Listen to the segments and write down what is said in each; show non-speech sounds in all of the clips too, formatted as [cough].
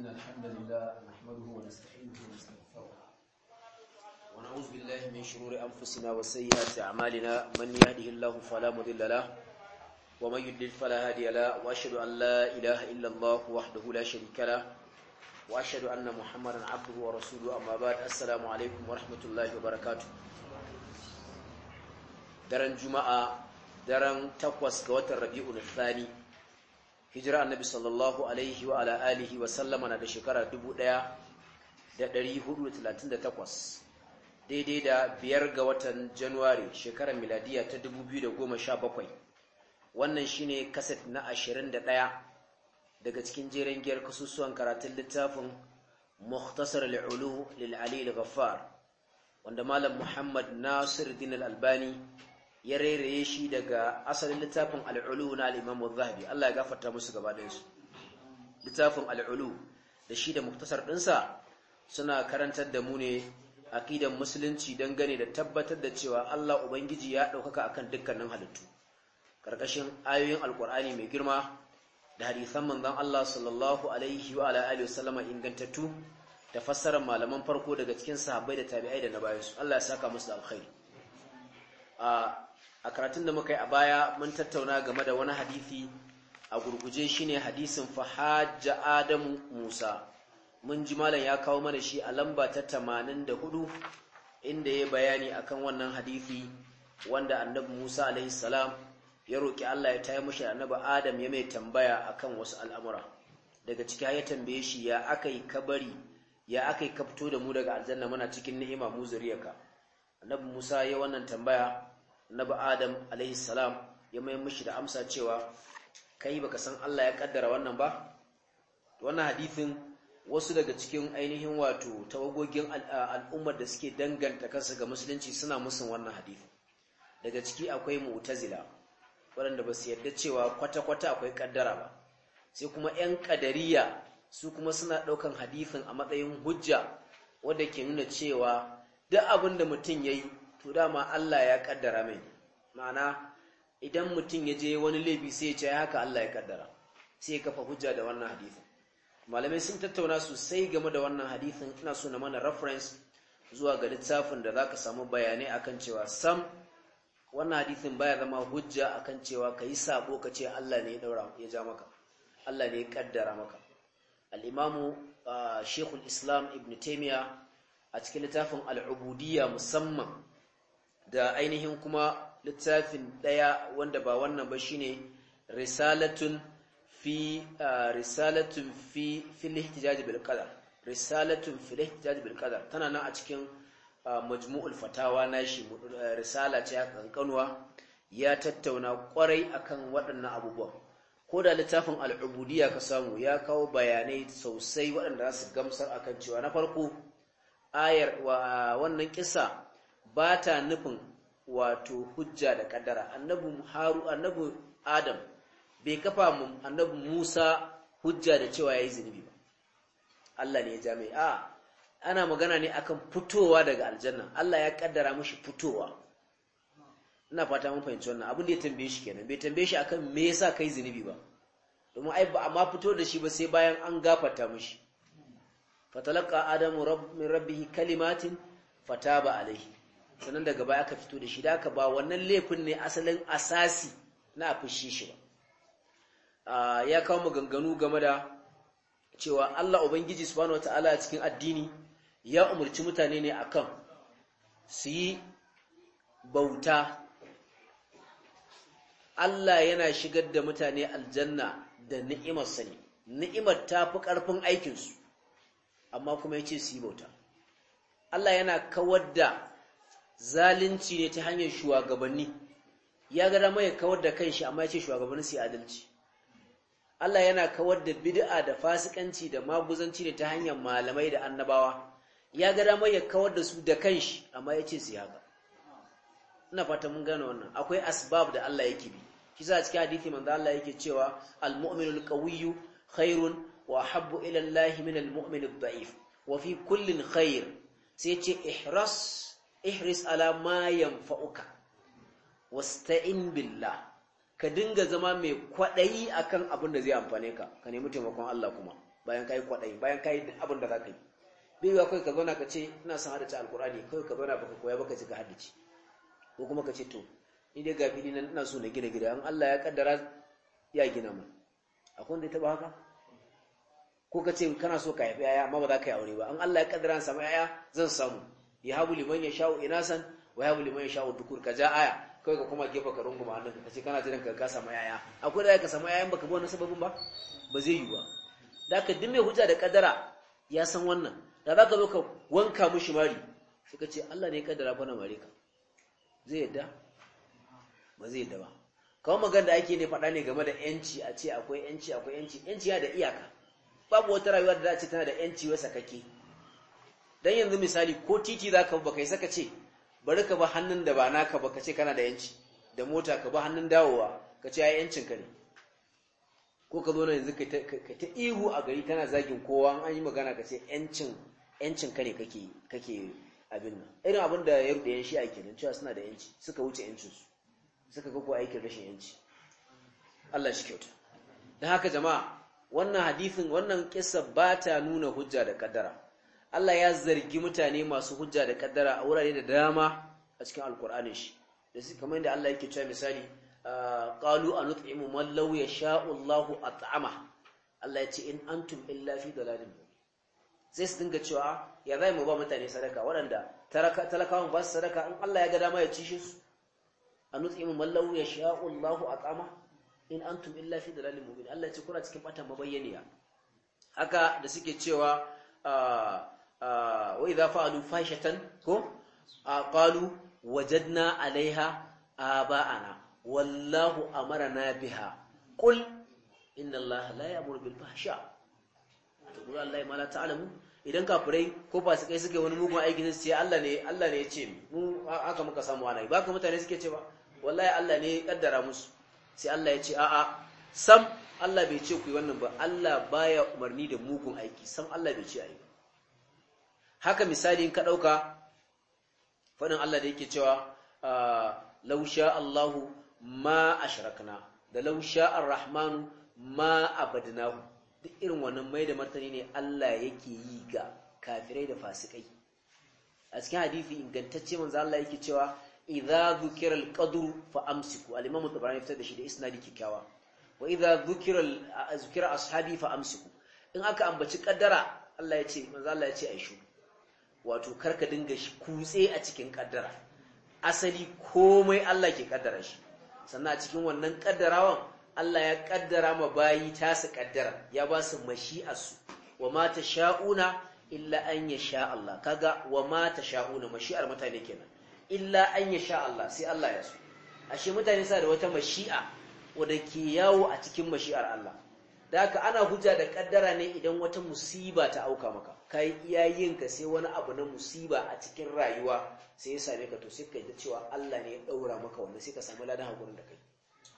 إن الحمد لله نحمده ونستعينه ونستغفره ونعوذ بالله من شرور أنفسنا وسيئات أعمالنا من يهده الله فلا مضل له ومن يضلل فلا هادي له وأشهد أن لا إله إلا الله وحده لا شريك له وأشهد أن محمدا عبده ورسوله أما بعد السلام عليكم ورحمة الله وبركاته daren juma'a daren takwas ga watan rabi'ul thani hijira annabi sallallahu alaihi wa ala alihi wa sallama na da shekara 1438 daidai da biyar ga watan januwari shekarar miladiya ta 2017 wannan shine kaset na 21 daga cikin jerin giyar kasusuwan karatun littafin Muktasar al'ulu lil'ali al-ghaffar wanda malam muhammad nasir din albani ya rairaye shi daga asalin littafin al'ulu na al'imamu zahabi Allah ya gafarta musu gabaninsu littafin al'ulu da shi da muktasar ɗinsa suna karantar da mu ne aƙidan musulunci don gane da tabbatar da cewa Allah Ubangiji ya ɗaukaka akan dukkanin halittu ƙarƙashin ayoyin alƙur'ani mai girma da hadisan manzon Allah sallallahu alaihi wa alihi wasallama ingantattu da fassarar malaman farko daga cikin sahabbai da tabi'ai da na bayansu Allah ya saka musu da alkhairi ah, a karatun da muka yi a baya mun tattauna game da wani hadithi a gurguje shine hadisin fahajja adamu musa mun ji malam ya kawo mana shi a lamba ta tamanin da 84 inda ya bayani akan wannan hadithi wanda annabi musa alaihi salam ya roki Allah ya taya mashi annabi adam ya mai tambaya akan wasu al'amura daga ciki ya tambaye shi ya aka yi kabari ya aka yi kafto da mu daga aljanna muna cikin ni'ima mu zuriyarka annabi musa ya wannan tambaya annabi adam alaihi salam ya mai mishi da amsa cewa kai baka san Allah ya kaddara wannan ba wannan hadithin wasu daga cikin ainihin wato tawagogin al'ummar da suke danganta kansu ga musulunci suna musu wannan hadithin daga ciki akwai mu'tazila waɗanda ba su yarda cewa kwata-kwata akwai kaddara ba sai kuma 'yan kadariya su kuma suna ɗaukan hadithin a matsayin hujja wadda ke nuna cewa duk abin da mutum ya yi to dama Allah ya kaddara mai ma'ana idan mutum ya je wani laifi sai ya ce haka Allah ya kaddara sai ya kafa hujja da wannan hadisin malamai sun tattauna sosai game da wannan hadisin ina so na mana reference zuwa ga littafin da zaka samu bayanai akan cewa sam wannan hadisin baya zama hujja akan cewa ka yi sabo ka ce Allah ne ya daura ja maka Allah ne ya kaddara maka al-imamu ah, Islam Ibn Taymiya a cikin littafin al musamman da ainihin kuma littafin ɗaya wanda ba wannan ba shine risalatun fi risalatun fi fil ihtijaj risalatun tana nan a cikin majmu'ul fatawa shi risala ce a kankanwa ya tattauna kwarai akan waɗannan abubuwa ko da littafin al'ubudiya ka samu ya kawo bayanai sosai waɗanda za su gamsar akan cewa na farko ayar wa wannan kisa ba ta nufin wato hujja da kaddara annabi haru annabi adam bai kafa mu annabi musa hujja da cewa yayi zunubi ba Allah ne ya jami a ana magana ne akan fitowa daga aljanna Allah ya kaddara mashi fitowa ina fata mun fahimci wannan abin da ya tambaye shi kenan bai tambaye shi akan me yasa kai zunubi ba domin ai ba amma fito da shi ba sai bayan an gafarta mashi. Fatalaka adamu rabbi min kalimatin fataba alaihi sannan daga baya ka fito da shi da ka ba wannan laifin ne asalin asasi na a fushi shi ba ya kawo maganganu game da cewa Allah Ubangiji subhanahu wata'ala cikin addini ya umarci mutane ne akan su yi bauta Allah yana shigar da mutane aljanna da ni'imar sani ni'imar ta fi ƙarfin aikinsu amma kuma ya ce su yi bauta Allah yana kawar da zalunci ne ta hanyar shugabanni ya ga dama ya kawar da kanshi amma ya ce shugabanni su yi adalci Allah yana kawar da bid'a da fasikanci da maguzanci ne ta hanyar malamai da annabawa ya ga dama ya kawar da su da kanshi amma ya ce su yaba ina fata mun gane wannan akwai asbab da Allah yake bi shi a cikin hadisi manzo Allah yake cewa al-mu'minul qawiyyu khairun wa habbu ila Allah min al-mu'min ad-da'if wa fi kullin khair sai ce ihras ihris ala ma yanfa'uka wasta'in billah ka dinga zama mai kwaɗayi akan abin da zai amfane ka ka nemi taimakon Allah kuma bayan ka yi kwaɗayi bayan ka yi duk abin da za ka yi bai yiwa kai ka zauna ka ce ina son haddace alqur'ani kai ka zauna baka koya baka ce ka ko kuma ka ce to ni dai ga fili nan ina so na gina gida an Allah ya kaddara ya gina mu akwai wanda ya taba haka ko ka ce kana so ka haifi yaya amma ba za ka yi aure ba An Allah ya kaddara samu yaya zan samu yahabu liman yasha'u inasan wa yahabu liman yasha'u dukur kaza aya kai ka kuma gefa ka runguma hannun ka ce kana jiran ka ka sama yaya akwai da ka samu yayan baka bi wannan sababin ba ba zai yiwu ba da ka duk mai hujja da kadara ya san wannan da za ka zo ka wanka mushi mari suka ce Allah ne ya kaddara bana mare ka zai yadda ba zai yadda ba kawai magana da ake ne faɗa ne game da yanci a ce akwai yanci akwai yanci yanci ya da iyaka babu wata rayuwa da za a ce tana da yanci wasa kake dan yanzu misali ko titi zaka ba kai saka ce bari ka ba hannun da ba naka ba kace kana da yanci da mota ka ba hannun dawowa kace ai yancin ka ne ko ka zo na yanzu ka ta ihu a gari kana zagin kowa an yi magana kace yancin yancin ka ne kake kake abin nan irin abin da ya rude yan shi a kenan cewa suna da yanci suka wuce yancin su suka ga ko aikin rashin yanci Allah shi kyauta dan haka jama'a wannan hadisin wannan kissa ba ta nuna hujja da kaddara Allah ya zargi mutane masu hujja da kaddara a wurare da dama a cikin alkur'anin shi da su kamar yadda Allah yake cewa misali ah, qalu anut'imu man law yasha'u Allah at'ama Allah ya ce in antum illa fi dalalin sai su dinga cewa ya zai mu ba mutane sadaka waɗanda talakawan ba su sadaka in Allah ya ga dama ya ci shi su anut'imu man law yasha'u Allah at'ama in antum illa fi dalalin mubin Allah ya ce kuna cikin bata mabayyaniya haka da suke cewa ah, wa idza fa'alu fashatan ko qalu wajadna 'alayha aba'ana wallahu amarna biha qul inna allaha la ya'muru bil fahsha to qul allahi ma la ta'lamu idan kafirai ko kai suke wani mugun aikin su sai Allah ne Allah ne ya ce mu haka muka samu wani ba ka mutane suke cewa wallahi Allah ne ya kaddara musu sai Allah ya ce a'a sam Allah bai ce ku yi wannan ba Allah baya umarni da mugun aiki sam Allah bai ce ayi ba haka misali in ka ɗauka faɗin Allah da yake cewa ah, lausha Allahu ma ashrakna da lausha ar-rahmanu ma abadnahu duk irin wannan mai da martani ne Allah yake yi ga kafirai da fasikai a cikin hadisi ingantacce manzo Allah yake cewa idza dhukira al-qadr fa amsiku al tabarani fitar da shi da isnadi kikkiawa wa idza dhukira dhukira ashabi fa amsiku in aka ambaci kaddara Allah ya ce manzo Allah ya ce wato karka dinga shi kutse a cikin kaddara asali komai Allah ke kaddara shi sannan a cikin wannan kaddarawan Allah ya kaddara ma bayi su kaddara ya ba su mashi'arsu wa ma sha'una illa an ya sha Allah kaga wa ma sha'una mashi'ar mutane kenan illa an ya sha Allah sai Allah ya so ashe mutane sa da wata mashi'a wadda ke yawo a cikin mashi'ar Allah da haka ana hujja da kaddara ne idan wata musiba ta auka maka ka yi yin ka sai wani abu na musiba a cikin rayuwa sai ya same ka to sai ka yi cewa Allah ne ya daura maka wannan sai ka samu ladan hakurin da kai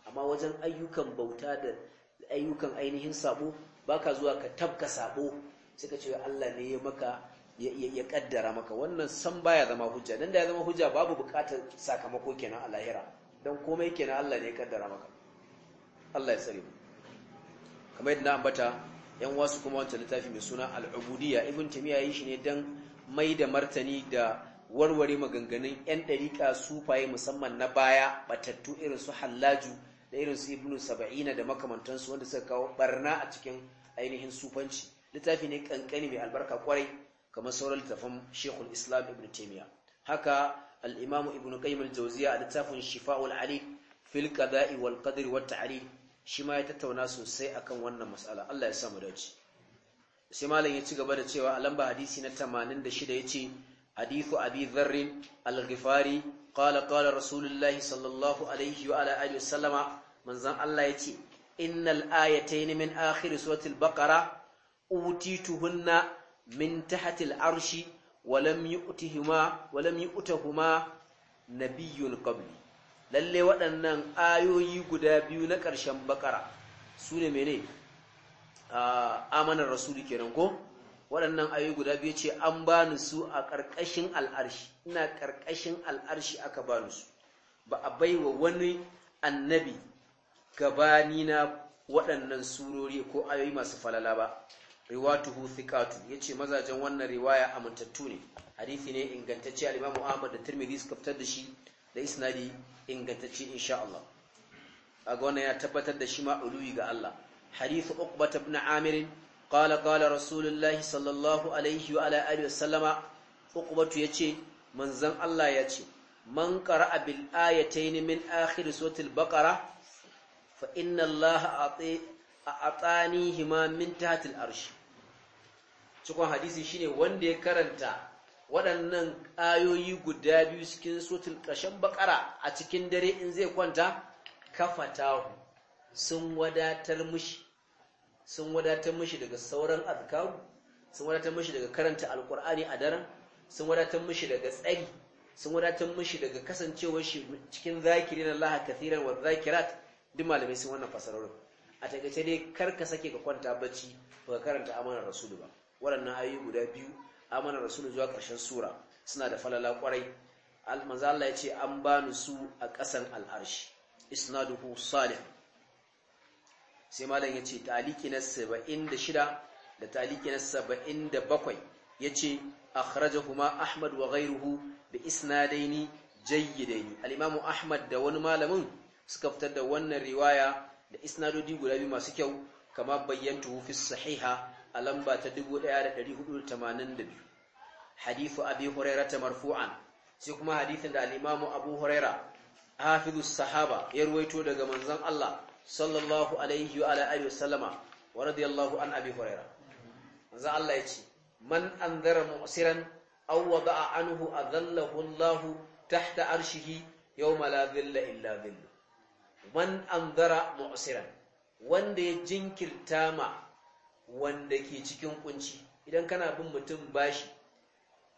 amma wajen ayyukan bauta da ayyukan ainihin sabo baka zuwa ka tabka sabo sai ka ce Allah ne ya maka ya kaddara maka wannan san baya zama hujja dan da ya zama hujja babu bukatar sakamako kenan a lahira dan komai kenan Allah ne ya kaddara maka Allah ya tsare mu kamar yadda na ambata yan wasu kuma wancan littafi mai suna al'ubudiyya ibn tamiya yi shi ne don mai da martani da warware maganganun yan ɗariƙa sufaye musamman na baya batattu irin su hallaju da irin su ibnu saba'ina da makamantansu wanda suka kawo barna a cikin ainihin sufanci littafi ne kankani mai albarka kwarai kamar sauran littafin shekul islam ibn taimiya haka al'imamu Ibnu qayyim jauziya a littafin shifa'ul ali fil qada'i wal qadri wata ta'rif shi ma ya tattauna sosai akan wannan matsala Allah ya samu dace sai malam ya ci gaba da cewa a lamba hadisi na 86 yace hadithu abi dharr al-ghifari qala qala rasulullahi sallallahu alaihi wa ala alihi wasallama manzon Allah yace innal ayatayn min akhir surati al-baqara utituhunna min tahti al-arshi ولم يؤتهما ولم يؤتهما نبي قبلي lalle waɗannan ayoyi guda biyu na ƙarshen bakara su ne mene amanar rasulu kenan ko waɗannan ayoyi guda biyu ce an bani su a ƙarƙashin al'arshi ina ƙarƙashin al'arshi aka bani su ba a bai wa wani annabi gabani na waɗannan surori ko ayoyi masu falala ba Riwatu riwatuhu ya ce mazajen wannan riwaya amintattu ne hadisi ne ingantacce al-Imam Ahmad da turmi suka fitar da shi da isnadi ingantacce insha Allah kaga ya tabbatar da shi ma uluwi ga Allah hadith uqbah ibn amir qala qala rasulullah sallallahu alaihi wa ala alihi wasallama uqbatu yace manzon Allah yace man qara'a bil ayatayn min akhir suratul baqara fa inna Allah atani hima min tahtil arsh cikon hadisi shine wanda ya karanta waɗannan ayoyi guda biyu cikin sotin ƙashen bakara a cikin dare in zai kwanta kafatahu sun wadatar mushi sun wadatar mishi daga sauran azkaru sun wadatar mishi daga karanta alkur'ani a daren sun wadatar mishi daga tsari sun wadatar mishi daga kasancewar shi cikin zakirin Allah kathiran wa zakirat duk malamai sun wannan fasarorin a takaice dai kar ka sake ka kwanta bacci ba karanta amanar rasulu ba waɗannan ayoyi guda biyu amana rasulu zuwa ƙarshen sura suna da falala kwarai manzo Allah ya ce an bani su a ƙasan al'arshi isnaduhu salih sai malam ya ce taliki na 76 da taliki na 77 ya ce akhrajahuma ahmad wa ghayruhu bi isnadaini jayyidaini al-imamu ahmad da wani malamin suka fitar da wannan riwaya da isnadodi guda biyu masu kyau kama bayyantuhu fi sahiha a lamba ta 1482 hadithu abi huraira ta marfu'an sai kuma hadithin da al-imamu abu huraira hafizus sahaba ya ruwaito daga manzon Allah sallallahu alaihi wa ala alihi wasallama wa radiyallahu an abi huraira manzon Allah ya ce man anzara mu'siran aw wada'a anhu adallahu Allah tahta arshihi yawma la dhilla illa dhillu man anzara mu'siran wanda ya jinkirta ma wanda ke cikin kunci idan kana bin mutum bashi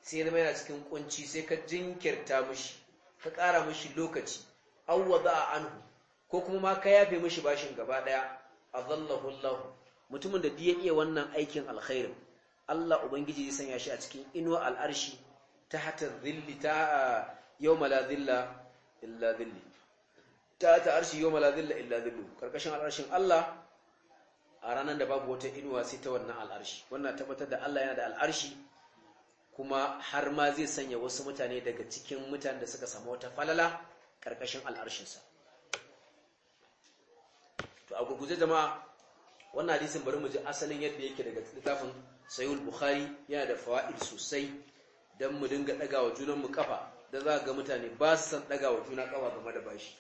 sai zama yana cikin kunci sai ka jinkirta mushi ka ƙara mushi lokaci za a anhu ko kuma ma ka yafe mushi bashin gaba daya zallahu Allah mutumin da ya iya wannan aikin alkhairin Allah ubangiji zai sanya shi a cikin inuwa al'arshi ta hatar zilli ta yawma la zilla illa zilli ta ta arshi yau la zilla illa zillu karkashin al'arshin Allah a ranar da babu wata inuwa sai ta wannan al'arshi wannan tabbatar da Allah yana da al'arshi kuma har ma zai sanya wasu mutane daga cikin mutanen da suka samu wata falala karkashin al'arshinsa to a gurguje jama'a wannan hadisin bari mu ji asalin yadda yake daga littafin Sayyid bukhari yana da fawaid sosai dan mu dinga daga wa junan mu kafa da za ga mutane ba su san daga wa juna kafa game da bashi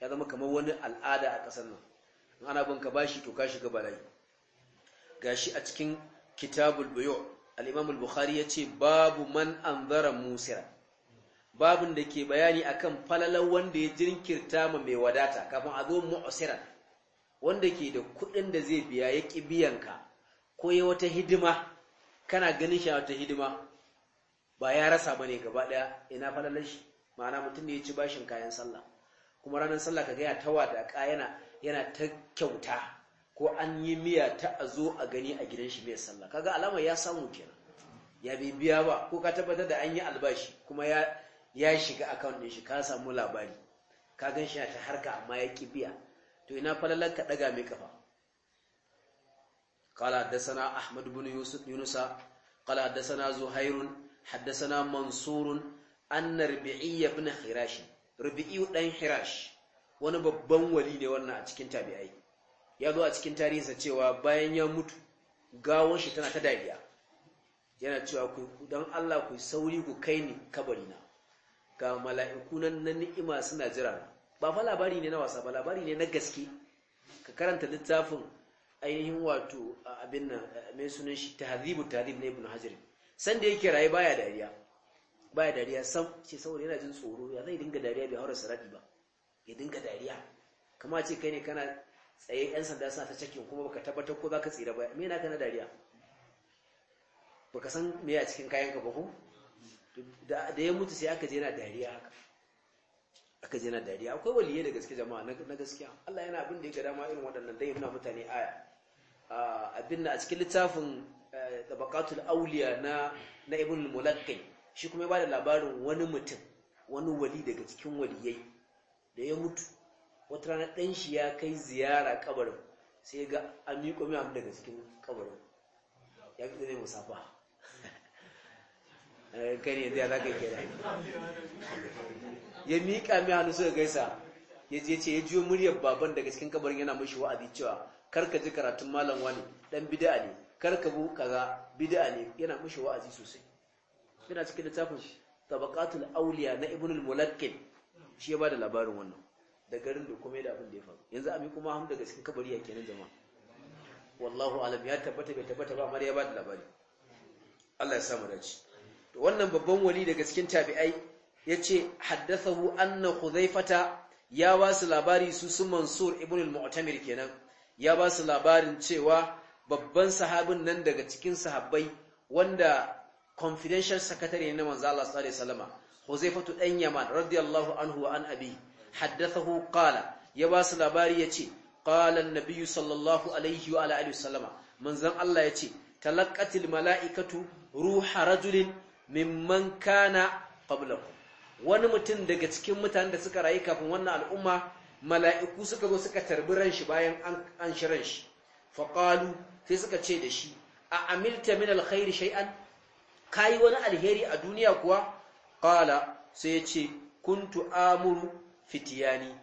ya zama kamar wani al'ada a ƙasar nan in ana bin ka bashi to ka shiga bala'i shi a cikin kitabul buyu al-imam al-bukhari yace babu man anzara musira babun da ke bayani akan falalar wanda ya jinkirta ma mai wadata kafin a zo mu'sira wanda ke da kuɗin da zai biya ya ki biyan ka ko ya wata hidima kana ganin shi wata hidima ba ya rasa bane gaba daya ina falalar shi ma'ana mutum ne ya ci bashin kayan sallah kuma ranar sallah ka gaya tawa da kayana yana ta kyauta ko an yi miya ta a zo a gani a gidan shi mai sallah kaga alama ya samu kenan ya bai biya ba ko ka tabbatar da an yi albashi kuma ya ya shiga account ɗin shi ka samu labari ka gan shi ta harka amma ya ki biya to ina falalar ka daga mai kafa قال حدثنا أحمد بن يوسف يونس قال حدثنا زهير حدثنا منصور أن ربيعي بن خراش ربيعي بن خراش wani babban wali ne wannan a cikin tabi'ai ya zo a cikin tarihinsa cewa bayan ya mutu gawon shi tana ta dariya yana cewa ku don Allah ku sauri ku kai ni kabarina ga mala'iku nan na ni'ima suna jira ba fa labari ne na wasa ba labari ne na gaske ka karanta littafin ainihin wato abin nan mai sunan shi tahzibu tahzib na ibnu hajar san da yake raye baya dariya baya dariya sam ce saboda yana jin tsoro ya zai dinga dariya bai haura saradi ba ya dinga dariya kama ce kai ne kana tsaye yan sanda suna ta cikin kuma baka tabbatar ko zaka tsira ba me yana kana dariya baka san me a cikin kayan ka ba ko da ya mutu sai aka je yana dariya haka aka je yana dariya akwai waliyai da gaske jama'a na gaskiya Allah yana abin da ya ga dama irin waɗannan dai yana mutane aya abin da a cikin littafin eh, tabaqatul awliya na na ibn mulakkai shi kuma ya bada labarin wani mutum wani wali daga cikin waliyai da ya mutu wata rana ɗan shi ya kai ziyara kabarin sai ga an miƙo mai hannu daga cikin kabarin ya fi zai musafa gani [laughs] eh, da za ka kera ya miƙa mai hannu suka gaisa ya je ce ya jiyo muryar baban daga cikin kabarin yana mashi wa'azi cewa karka ji karatun malam wani dan bid'a ne karka bu kaza bid'a ne yana mashi wa'azi sosai yana cikin littafin tabaqatul awliya na ibnul mulakkin shi ya bada labarin wannan da garin da kuma da abin da ya faru yanzu abi kuma hamda daga cikin kabari ya kenan jama'a wallahu alam ya tabbata bai tabbata ba amma ya bada labari Allah ya samu dace to wannan babban wali daga cikin tabi'ai yace haddathahu anna khuzaifata ya ba su labari su su mansur ibn al-mu'tamir kenan ya ba su labarin cewa babban sahabin nan daga cikin sahabbai wanda confidential secretary ne na manzo Allah sallallahu alaihi wasallam huzaifatu dan yaman radiyallahu anhu wa an abi haddathahu qala ya ba su labari yace qala an-nabiy sallallahu alaihi wa ala alihi wasallama manzon Allah yace talaqqatil mala'ikatu ruha rajulin mimman kana qablakum wani mutum daga cikin mutanen da suka rayu kafin wannan al'umma mala'iku suka zo suka tarbi ranshi bayan an shi fa shi sai suka ce da shi a amilta min alkhairi shay'an kayi wani alheri a duniya kuwa kala sai ya ce kuntu amuru fitiyani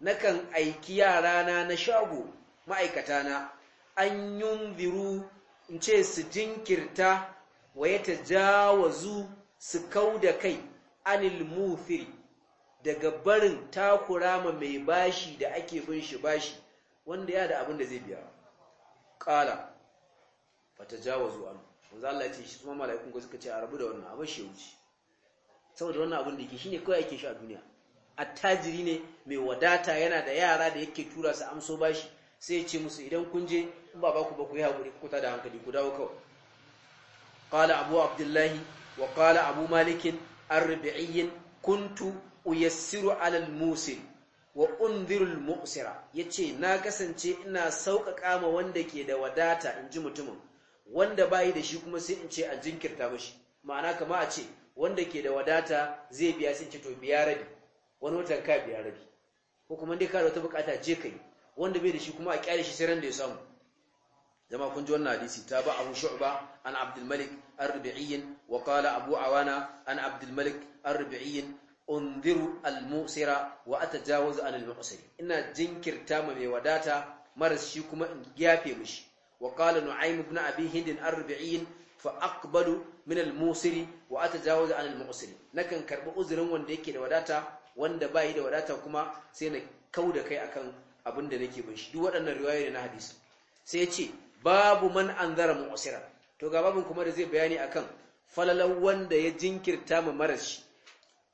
nakan aiki yarana na shago ma'aikatana an biru in ce su jinkirta wa ya ta jawazu su kau da kai anil mufiri daga barin takurama mai bashi da ake bin shi bashi wanda ya da abin da zai biya ƙala ta jawazu an wanzu Allah ce shi kuma mala'ikun ko suka ce a rabu da wannan abin shi wuce saboda wannan abin da shi shine kawai ake shi a duniya attajiri ne mai wadata yana da yara da yake tura su amso bashi sai ya ce musu idan kun je in ba ku ba ku yi hakuri ku ta da hankali ku dawo kawai qala abu abdullahi wa qala abu malik ar kuntu uyassiru ala al-musil wa al mu'sira yace na kasance ina sauƙaƙa ma wanda ke da wadata in ji mutumin wanda bayi da shi kuma sai in ce a jinkirta mashi ma'ana kama a ce wanda ke da wadata zai biya sun ce to biya rabi wani watan ka biya rabi ko kuma dai ka da wata bukata je kai wanda bai da shi kuma a kyale shi sai ran da ya samu zama kun ji wannan hadisi ta ba abu shu'ba an abdul malik ar-rubi'i wa qala abu awana an abdul malik ar-rubi'i al-musira wa atajawazu an al-mu'sir ina jinkirta ma mai wadata maras shi kuma in gyafe mishi wa qala nu'aym ibn abi hidin ar-rubi'i fa aqbalu min al-musiri wa da anil na nakan karɓi uzurin wanda yake da wadata wanda yi da wadata kuma sai na kau da kai akan abin da nake bin shi duk waɗannan ne na hadisi sai ya ce babu man anzara mu'sira to ga babun kuma da zai bayani akan falalan wanda ya jinkirta ma maras shi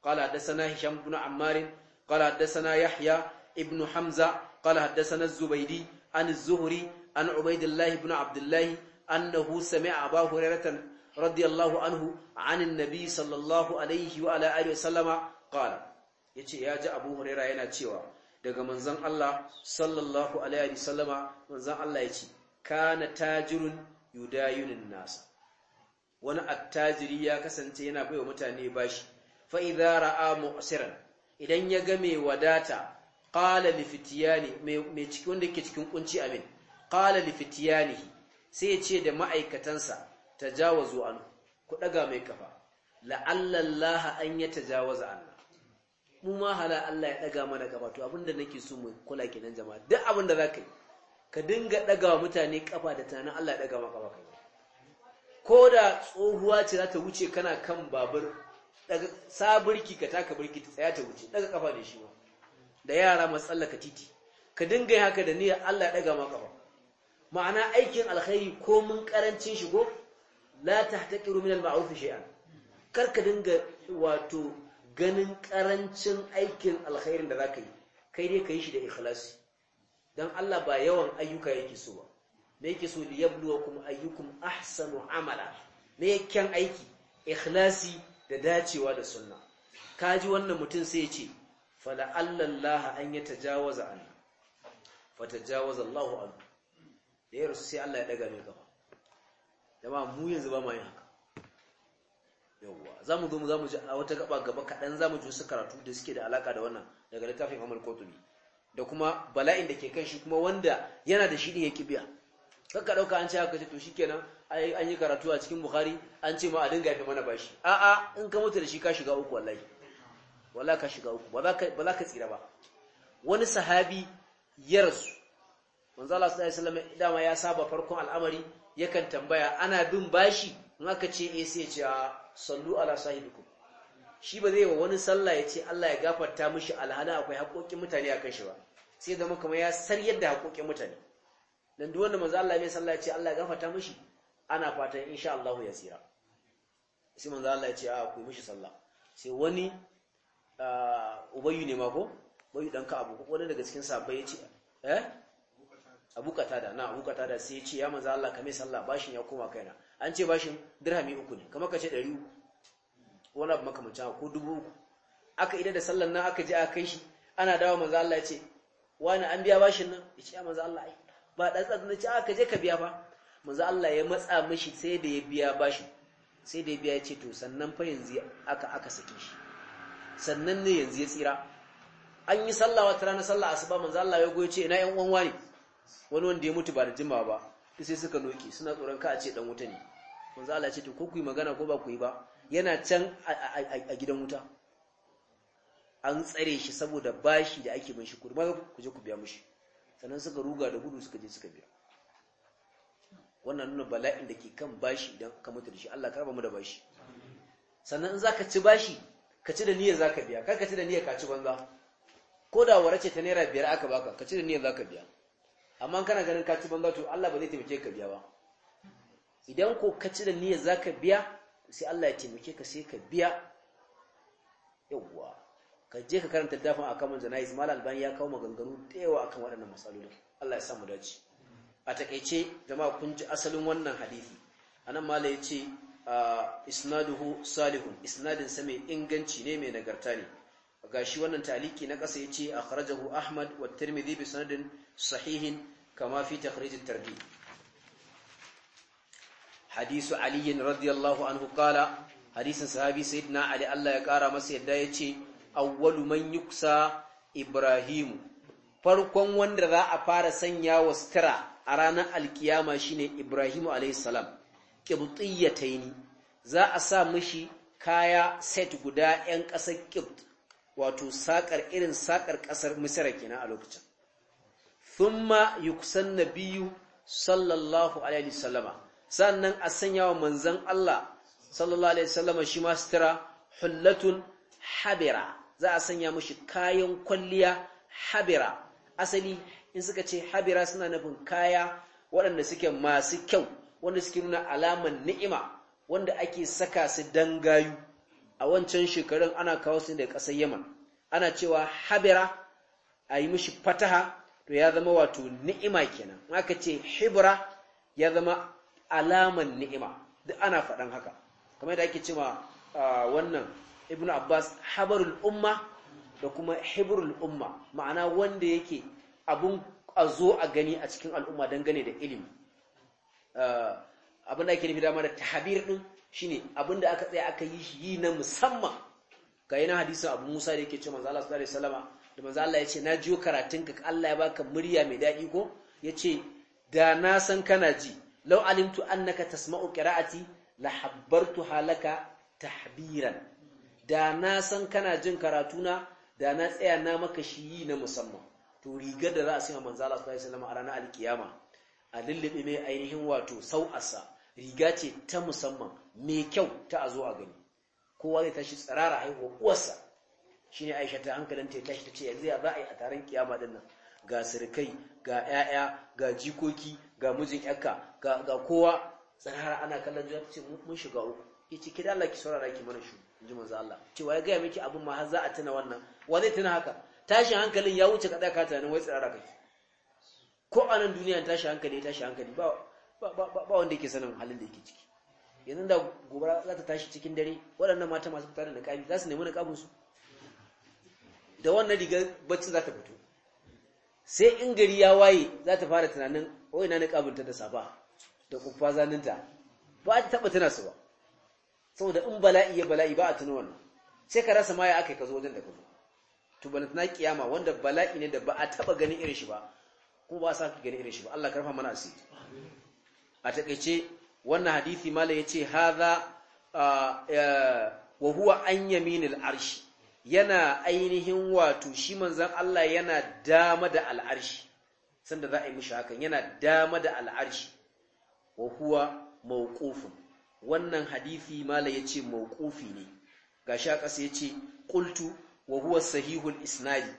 qala hadathana hisham ibn ammar qala hadathana yahya ibn hamza qala hadathana zubaydi an Zuhuri, zuhri an ubaidillah ibn abdullah annahu sami'a abu hurairah radiyallahu anhu anin nabi sallallahu alaihi wa ala alihi sallama qala yace ya ji Abu Huraira yana cewa daga manzon Allah sallallahu alaihi sallama manzon Allah ya yace kana tajirin yudayunun nas wani attajiri ya kasance yana baiwa mutane bashi fa idza ra'a mu'siran idan ya ga mai wadata qala li fitiyani mai cikin wanda yake cikin ƙunci amin qala li fitiyanihi sai ya ce da ma'aikatansa tajawazu an ku daga mai kafa la'allallaha an ya tajawaza Allah mu ma hala Allah ya daga mana kafa to abinda nake so mu kula kenan jama'a duk abinda zaka yi ka dinga daga wa mutane kafa da tana Allah ya daga maka kafa kai ko da tsohuwa ce za ta wuce kana kan babur daga sabirki ka taka birki ta tsaya ta wuce daga kafa da shi ma da yara matsallaka titi ka dinga yi haka da niyyar Allah ya daga maka kafa ma'ana aikin alkhairi ko mun karancin shi la tahtaqiru min al-ma'ruf shay'an karka dinga wato ganin karancin aikin alkhairin da zaka yi kai dai ka yi shi da ikhlasi dan Allah ba yawan ayyuka yake so ba me yake so li yabluwakum ayyukum ahsanu amala me yake aiki ikhlasi da dacewa da sunna kaji wannan mutum sai ya ce la Allah an yatajawaza an tajawaza allah an da yarsu sai Allah ya daga mai jama'a mu yanzu ba ma haka yawwa za mu zo mu za mu ji a wata gaba gaba kaɗan za mu ji wasu karatu da suke da alaƙa da wannan daga littafin amal kotubi da kuma bala'in da ke kan shi kuma wanda yana da shi din ya kibiya kakka ɗauka an ce haka ce to kenan, an yi karatu a cikin bukhari an ce ma a dinga yafe mana bashi a'a in ka mutu da shi ka shiga uku wallahi wallahi ka shiga uku ba za ka tsira ba wani sahabi ya rasu manzo Allah sallallahu alaihi wasallam dama ya saba farkon al'amari yakan tambaya ana bin bashi in aka ce eh sai ce sallu ala sahibikum shi ba zai wa wani sallah ya ce Allah ya gafarta mishi alhana akwai haƙoƙin mutane a kan shi ba sai zama kamar ya san yadda haƙoƙin mutane dan duk wanda manzo Allah mai sallah ya ce Allah ya gafarta mishi ana fatan insha Allah ya tsira sai manzo Allah ya ce a ku mishi sallah sai wani ubayyu ne ma ko ubayyu dan ka abu wani daga cikin sahabbai ya ce eh abu katada na abu katada sai ya ce ya manzo Allah kame sallah bashin ya koma kaina an ce bashin dirhami uku ne kamar kace 300 wani abu makamancin ko dubu uku aka idan da sallan nan aka je aka kai shi ana dawo manzo Allah ya ce wani an biya bashin nan ya ce ya manzo Allah ai ba dan tsatsin ce aka je ka biya fa manzo Allah ya matsa mishi sai da ya biya bashin sai da ya biya ya ce to sannan fa yanzu aka aka sake shi sannan ne yanzu ya tsira an yi sallah wata na sallah asuba manzo Allah ya goye ce ina yan uwan wani wani wanda ya mutu ba da jima ba sai suka doki suna tsoron ka a ce dan wuta ne manzo Allah ce to ko ku yi magana ko ba ku yi ba yana can a gidan wuta an tsare shi saboda bashi da ake bin shi kudu ma ku je ku biya mushi sannan suka ruga da gudu suka je suka biya wannan nuna bala'in da ke kan bashi idan ka mutu da shi Allah karba mu da bashi sannan in zaka ci bashi ka ci da niyyar zaka biya kar ka ci da niyyar ka ci banza ko da wara ce ta naira biyar aka baka ka ci da niyyar zaka biya amma kana ganin kaci ci to Allah ba zai taimake ka biya ba idan ko ka ci da niyyar zaka biya sai Allah ya taimake ka sai ka biya yawwa ka je ka karanta littafin akan manjanais mal albani ya kawo maganganu da yawa akan waɗannan matsalolin Allah ya samu dace a takeice jama'a kun ji asalin wannan hadisi anan mala yace ah, isnaduhu salihun isnadin sa mai inganci ne mai nagarta ne gashi wannan taliki na ƙasa yace akhrajahu ahmad wa tirmidhi bi sanadin sahihin kama fi takhrij at-targhib hadisu ali radiyallahu anhu qala hadisin sahabi sayyidina ali Allah ya kara masa yadda yace awwalu man yuksa ibrahimu farkon wanda za a fara sanya wa sutura a ranar alkiyama shine ibrahimu alayhi salam qibtiyataini za a sa mishi kaya set guda 'yan ƙasar ƙibt wato saƙar, irin saƙar ƙasar misra kenan a lokacin thumma yuksan nabiyyu sallallahu alaihi wasallama sannan a sanya wa manzon Allah sallallahu alaihi wasallama shi ma sutura hullatun habira za a sanya mashi kayan kwalliya habira asali in suka ce habira suna nufin kaya waɗanda suke masu kyau wanda suke nuna alaman ni'ima wanda ake saka su dangayu. gayu a wancan shekarun ana kawo su daga ƙasar yaman ana cewa habira a yi mishi fataha to ya zama wato ni'ima kenan aka ce hibra ya zama alaman ni'ima duk ana faɗan haka kamar da ake ma wannan Ibn abbas habarul umma da kuma hibrul umma ma'ana wanda yake abun a zo a gani a cikin al'umma dangane da ilimi abin da ake nufi dama da tahabir din shine abinda aka tsaya aka yi shi yi na musamman ga yana hadisin abu musa da yake ce manzo Allah sallallahu alaihi wasallama da manzo Allah ya ce na jiyo ka Allah ya baka murya mai daɗi ko ya ce da na san kana ji lau alimtu annaka tasma'u qira'ati la habbartu halaka tahbiran da na san kana jin karatuna da na tsaya na maka shi yi na musamman to rigar da za a sima manzo Allah sallallahu alaihi salama a ranar alkiyama a lullube mai ainihin wato sau'asa riga ce ta musamman mai kyau ta a zo a gani kowa zai tashi tsirara haihuwa uwarsa shi ne aisha ta hankalin ta tashi ta ce yanzu ya za a yi a taron kiyama din nan ga sirkai ga 'ya'ya ga jikoki ga mijin yakka ga kowa tsirara ana kallon juna ta ce mun shiga uku ya ce kida Allah ki saurara ki mana shi in ji manzo Allah wa ya gaya miki abin ma har za a tuna wannan wa zai tuna haka tashin hankalin ya wuce kaɗa ka tunanin wai tsirara kai ko anan duniya tashi hankali tashi hankali ba ba ba wanda yake sanin halin da yake ciki yanzu da gobara za ta tashi cikin dare waɗannan mata masu fita da niƙabi za su nemi ƙabinsu. da wannan rigar bacci za ta fito sai in gari ya waye za ta fara tunanin o ina ƙabinta da safa da kuffa zaninta ba ta taɓa tana su ba saboda in bala'i ya bala'i ba a tuna wannan sai ka rasa maya aka yi ka zo wajen da ka zo to tana kiyama wanda bala'i ne da ba a taɓa ganin irin shi ba kuma ba a sa ka ganin irin shi ba Allah karfa mana asiri a takaice wannan hadisi mala yace haza wa huwa an yaminil arshi yana ainihin wato shi manzan Allah yana dama da al'arshi sanda za a yi mishi hakan yana dama da al'arshi wa huwa mawqufun wannan hadisi mala ce, mawqufi ne Ga sha ƙasa ya ce, ƙultu wa huwa sahihul isnadi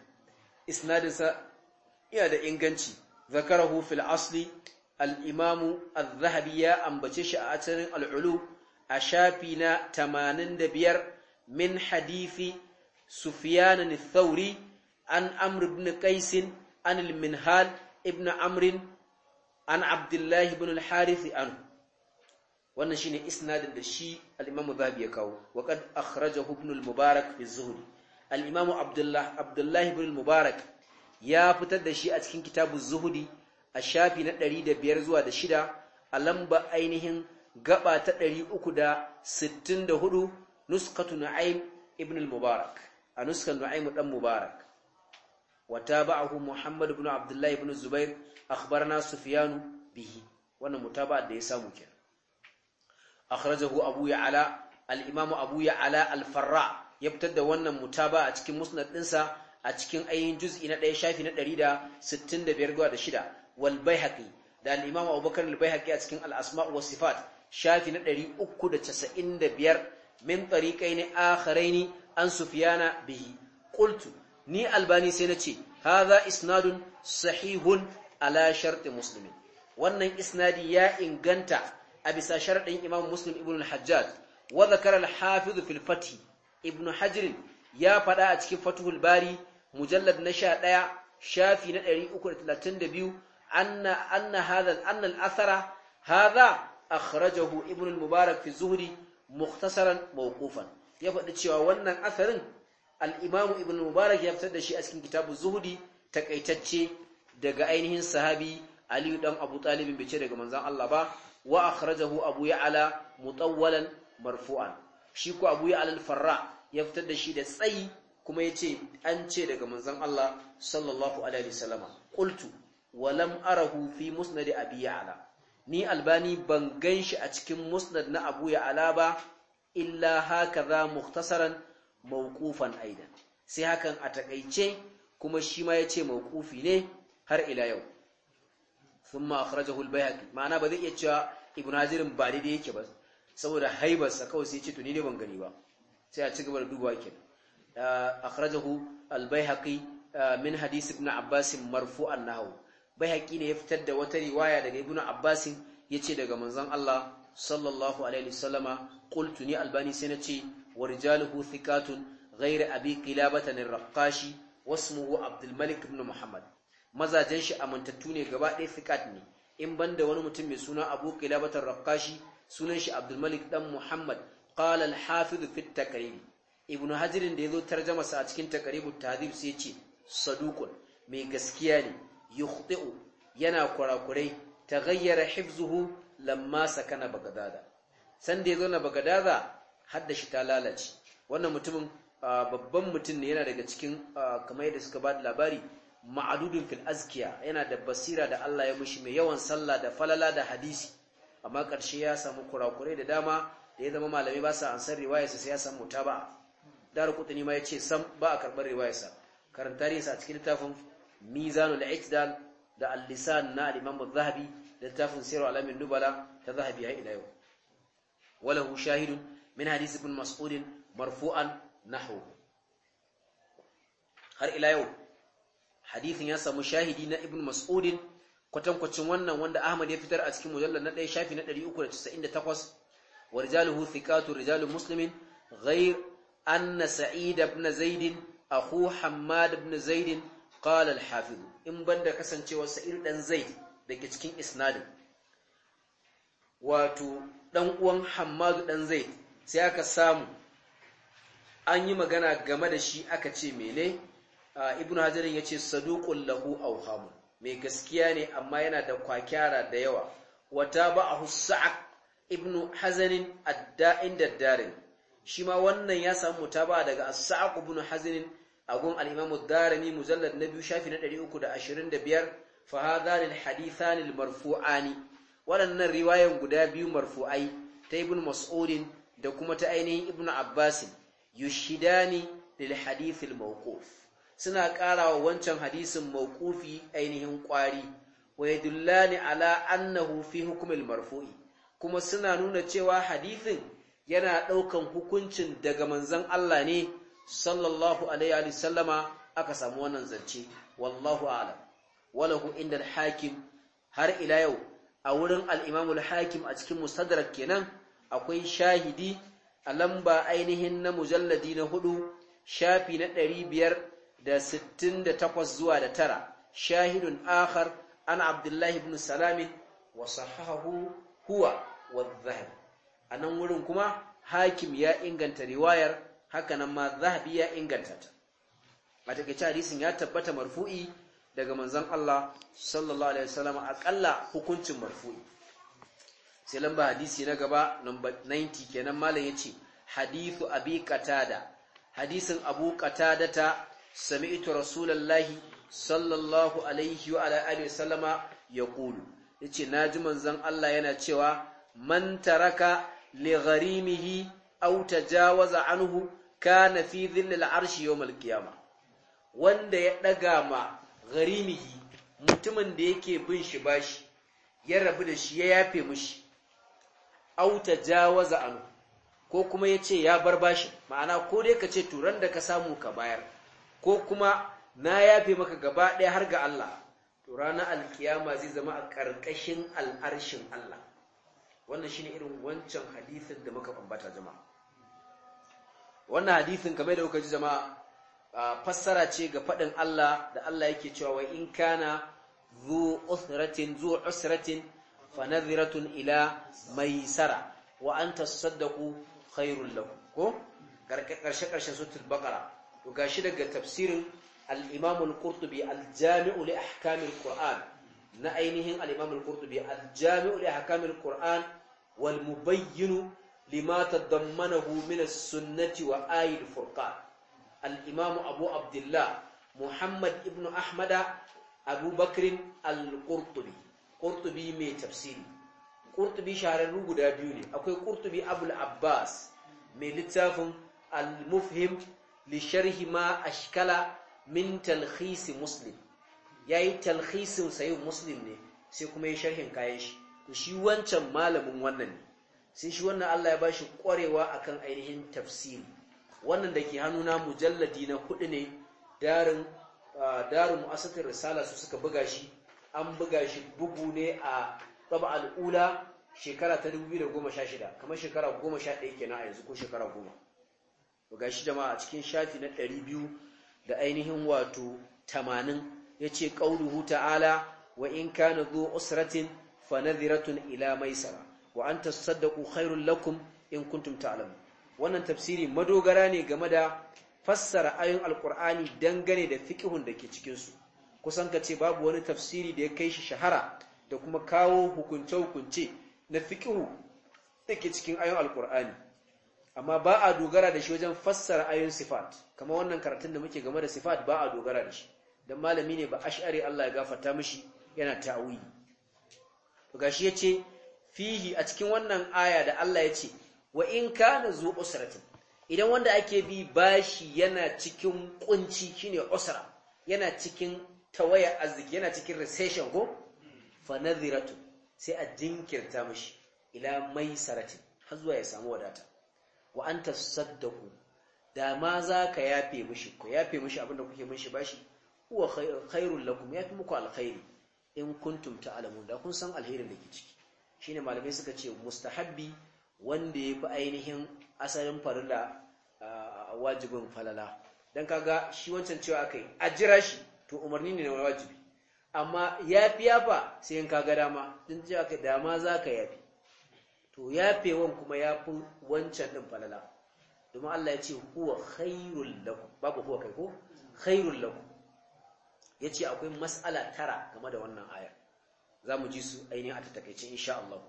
isnadinsa yana da inganci zakarahu fil asli Al'imamu al-zahabi ya ambace shi a asalin al'ulu a shafi na biyar min hadithi sufyan al-thawri an amr ibn kaisin an al-minhal ibn Amrin an Abdullahi ibn al-harith an wannan shi shine isnadin da shi al-imamu zahabi ya kawo wa qad akhrajahu ibn mubarak fi zuhri al-imamu abdullah abdullah ibn al-mubarak ya fitar da shi a cikin kitabu zuhudi a shafi na ɗari da biyar zuwa da shida a lamba ainihin gaba ta ɗari uku da sittin da hudu nuskatu na'im ibn al-mubarak a nuskan na'im ɗan mubarak wata ba'ahu muhammad ibn abdullahi ibn zubair akhbarana sufyanu bihi wannan mutaba'a da ya samu kenan akhrajahu abu ya'ala al-imam abu ya'ala al-farra ya fitar da wannan mutaba'a a cikin musnad dinsa a cikin ayin juz'i na ɗaya shafi na ɗari da sittin da shida wal da al-imam abubakar al a cikin al'asma al-asma' was sifat shafi na biyar min tariqaini akharaini an sufyana bihi qultu ni albani sai na ce haza isnadun sahihun ala shart muslimin wannan isnadi ya inganta a bisa sharadin imam muslim ibn al-hajjaj wa dhakara al fil fath ibn hajr ya faɗa a cikin fathul bari mujallad na sha ɗaya shafi na ɗari 332 anna anna hadha anna al-athara hadha ibn mubarak fi zuhri mukhtasaran mawqufan ya faɗi cewa wannan asarin al-imam ibn mubarak ya fitar da shi a cikin kitabu zuhdi takaitacce daga ainihin sahabi Aliyu dan abu talib bai ce daga manzon Allah ba wa akhrajahu abu ya'la mutawwalan marfu'an shi ko abu ya'la farra ya fitar da shi da tsayi kuma yace an ce daga manzon Allah sallallahu alaihi wasallama qultu walam arahu fi musnad abi ala, ni albani ban ganshi a cikin musnad na abu ala ba illa hakaza mukhtasaran mawqufan aidan sai hakan a takeice kuma shi ma yace mawqufi ne har ila yau thumma akhrajahu al ma'ana ba zai iya cewa ibnu hazirin ba daidai yake ba saboda haibarsa kawai sai ce to ni ne ban gani ba sai a ci gaba da dubawa kenan ah, akhrajahu al-bayhaqi ah, min hadith ibn abbas marfu'an nahwu baihaqi ne ya fitar da wata riwaya daga ibn abbas yace daga manzon Allah sallallahu alaihi wasallama qultu ni albani sai nace wa rijaluhu thiqatun ghayra abi qilabatan ar-raqashi wasmuhu abdul malik ibn muhammad mazajen shi amintattu ne gaba ɗaya thiqat ne in banda wani mutum mai suna abu qilabatan raqashi sunan shi abdul malik dan muhammad qala al-hafiz fi at-taqrib ibn hajar da yazo tarjama sa a cikin taqribut tahdhib sai ce saduqun mai gaskiya ne yukhti'u yana kurakurai taghayyara hifzuhu lamma sakana bagadada san da yazo na bagadada hadda shi ta lalace wannan mutumin babban mutum ne yana daga cikin kamar yadda suka ba da labari ma'adudun fil azkiya yana da basira da Allah ya mushi mai yawan sallah da falala da hadisi amma karshe ya samu kurakurai da dama da ya zama malami ba sa ansar sa sai ya samu ta ba daru kutuni ma ya ce sam ba a karɓar riwayarsa karanta a cikin littafin mizanul i'tidal da al-lisan na al-imam zahabi da tafsir sirru alamin nubala ta zahabi ya ila yau walahu shahidun min hadith ibn mas'ud marfu'an nahwu har ila yau hadithin ya samu shahidi na ibn mas'ud kwatankwacin wannan wanda ahmad ya fitar a cikin mujallal na 1 shafi na 398 wa rijaluhu thiqatu rijalu muslimin ghayr anna sa'id ibn zaid akhu hammad ibn zaid qala al-hafiz in banda kasancewar sa'ir dan zaid dake cikin isnadin wato dan uwan hammad dan zaid sai aka samu an yi magana game da shi aka ce mene ibn hajar ya ce saduqul lahu awham mai gaskiya ne amma yana da kwakyara da yawa wata ba'ahu sa'ad ibn hazanin adda inda shi ma wannan ya samu mutaba daga as-sa'ad ibn hazanin agun al-imamu darimi mujallad na biyu shafi na 325 fa hadha lil hadithani al-marfu'ani waɗannan riwayan guda biyu marfu'ai ta ibn mas'udin da kuma ta ainihin ibn abbasin yushidani lil hadith al suna ƙara wa wancan hadisin maukufi ainihin ƙwari wa yadullani ala annahu fi marfui kuma suna nuna cewa hadithin yana ɗaukan hukuncin daga manzon Allah ne sallallahu alaihi wa sallama aka samu wannan zance wallahu a'lam walahu inda al-hakim har ila yau a wurin al-imam al-hakim a cikin mustadrak kenan akwai shahidi a lamba ainihin na mujalladi na hudu shafi na biyar da da sittin takwas zuwa da tara shahidun akhar an abdullahi ibn salami wa sahahu huwa wa dhahab anan wurin kuma hakim ya inganta riwayar Hakanan ma zahabi ya inganta ta a takaice hadisin ya tabbata marfu'i daga manzon Allah sallallahu alaihi wasallam akalla hukuncin marfu'i sai lamba hadisi na gaba number 90 kenan malam yace hadithu abi qatada hadisin abu qatada ta sami'tu rasulullahi sallallahu alaihi wa ala alihi wasallama yaqulu yace naji manzon Allah yana cewa man taraka li gharimihi aw tajawaza anhu kana fi dhillil arshi yawmal qiyama wanda ya ɗaga ma gharimihi mutumin da yake bin shi bashi ya rabu da shi ya yafe mishi au tajawaza an ko kuma yace ya bar bashi ma'ana ko dai ka ce turan da ka samu ka bayar ko kuma na yafe maka gaba ɗaya har ga Allah to ranar alkiyama zai zama a ƙarƙashin al'arshin Allah wannan shine irin wancan hadisin da muka ambata jama'a wannan hadisin kamar da kuka ji jama'a fassara ce ga faɗin Allah da Allah yake cewa wa in kana zu usratin zu usratin fa nadhiratun ila maisara wa an tasaddaqu khairul lakum ko karshe karshen suratul baqara to gashi daga tafsirin al-Imam al-Qurtubi al-Jami'u li ahkam al-Qur'an na ainihin al-Imam al-Qurtubi al-Jami'u li ahkam al-Qur'an wal mubayyin lima tadammanahu min as-sunnati wa ayil furqan al-imam abu abdullah muhammad ibn ahmada abu bakr al-qurtubi qurtubi mai tafsiri qurtubi shahararru guda biyu ne akwai qurtubi abul abbas mai littafin al-mufhim li sharhi ma ashkala min talhisi muslim yayi talhisin sayyid muslim ne sai kuma ya sharhin kayan shi shi wancan malamin wannan ne sai shi wannan Allah ya ba shi kwarewa akan ainihin tafsiri wannan da ke hannuna mujalladi na kuɗi ne darin mu'asatar risala su suka buga shi an buga shi bugu ne a tsaba al'ula shekara ta 2016 kamar shekara 11 kenan a yanzu ko shekara 10 buga shi jama a cikin shafi na 200 da ainihin wato 80 yace qauluhu ta'ala wa in kana zo usratin fa nadhiratun ila maisara wa an tasaddaku khairul lakum in kuntum ta'lamun wannan tafsiri madogara ne game da fassara ayoyin alqur'ani dangane da fiqhun da ke cikin su kusan kace babu wani tafsiri da ya kai shi shahara da kuma kawo hukunce hukunce na fiqhu da cikin ayoyin alqur'ani amma ba a dogara da shi wajen fassara ayoyin sifat kamar wannan karatun da muke game da sifat ba a dogara da shi dan malami ne ba ash'ari Allah ya gafarta mishi yana ta'awili to gashi yace fihi a cikin wannan aya da Allah ya ce wa in kana zu usratin idan wanda ake bi bashi yana cikin kunci shine usra yana cikin tawaya arziki yana cikin recession ko fa nadhiratu sai a jinkirta mishi ila maisaratin har zuwa ya samu wadata wa anta saddaku, da ma za ka yafe mishi ku yafe mishi abinda kuke mishi bashi huwa khairul lakum yafi muku alkhairi in kuntum ta'lamun da kun san alherin da ke ciki shine malamai suka ce mustahabbi wanda ya fi ainihin asalin farilla wajibin falala don kaga shi wancan cewa aka yi a jira shi to umarni ne na wajibi amma ya fi yafa sai yin kaga dama don cewa aka dama za ka yafi to ya yafewan kuma ya fi wancan ɗin falala domin Allah ya ce huwa khairul lakum babu huwa kai ko khairul Ya ce akwai mas'ala tara game da wannan ayar za mu ji su ainihin a takaice insha Allah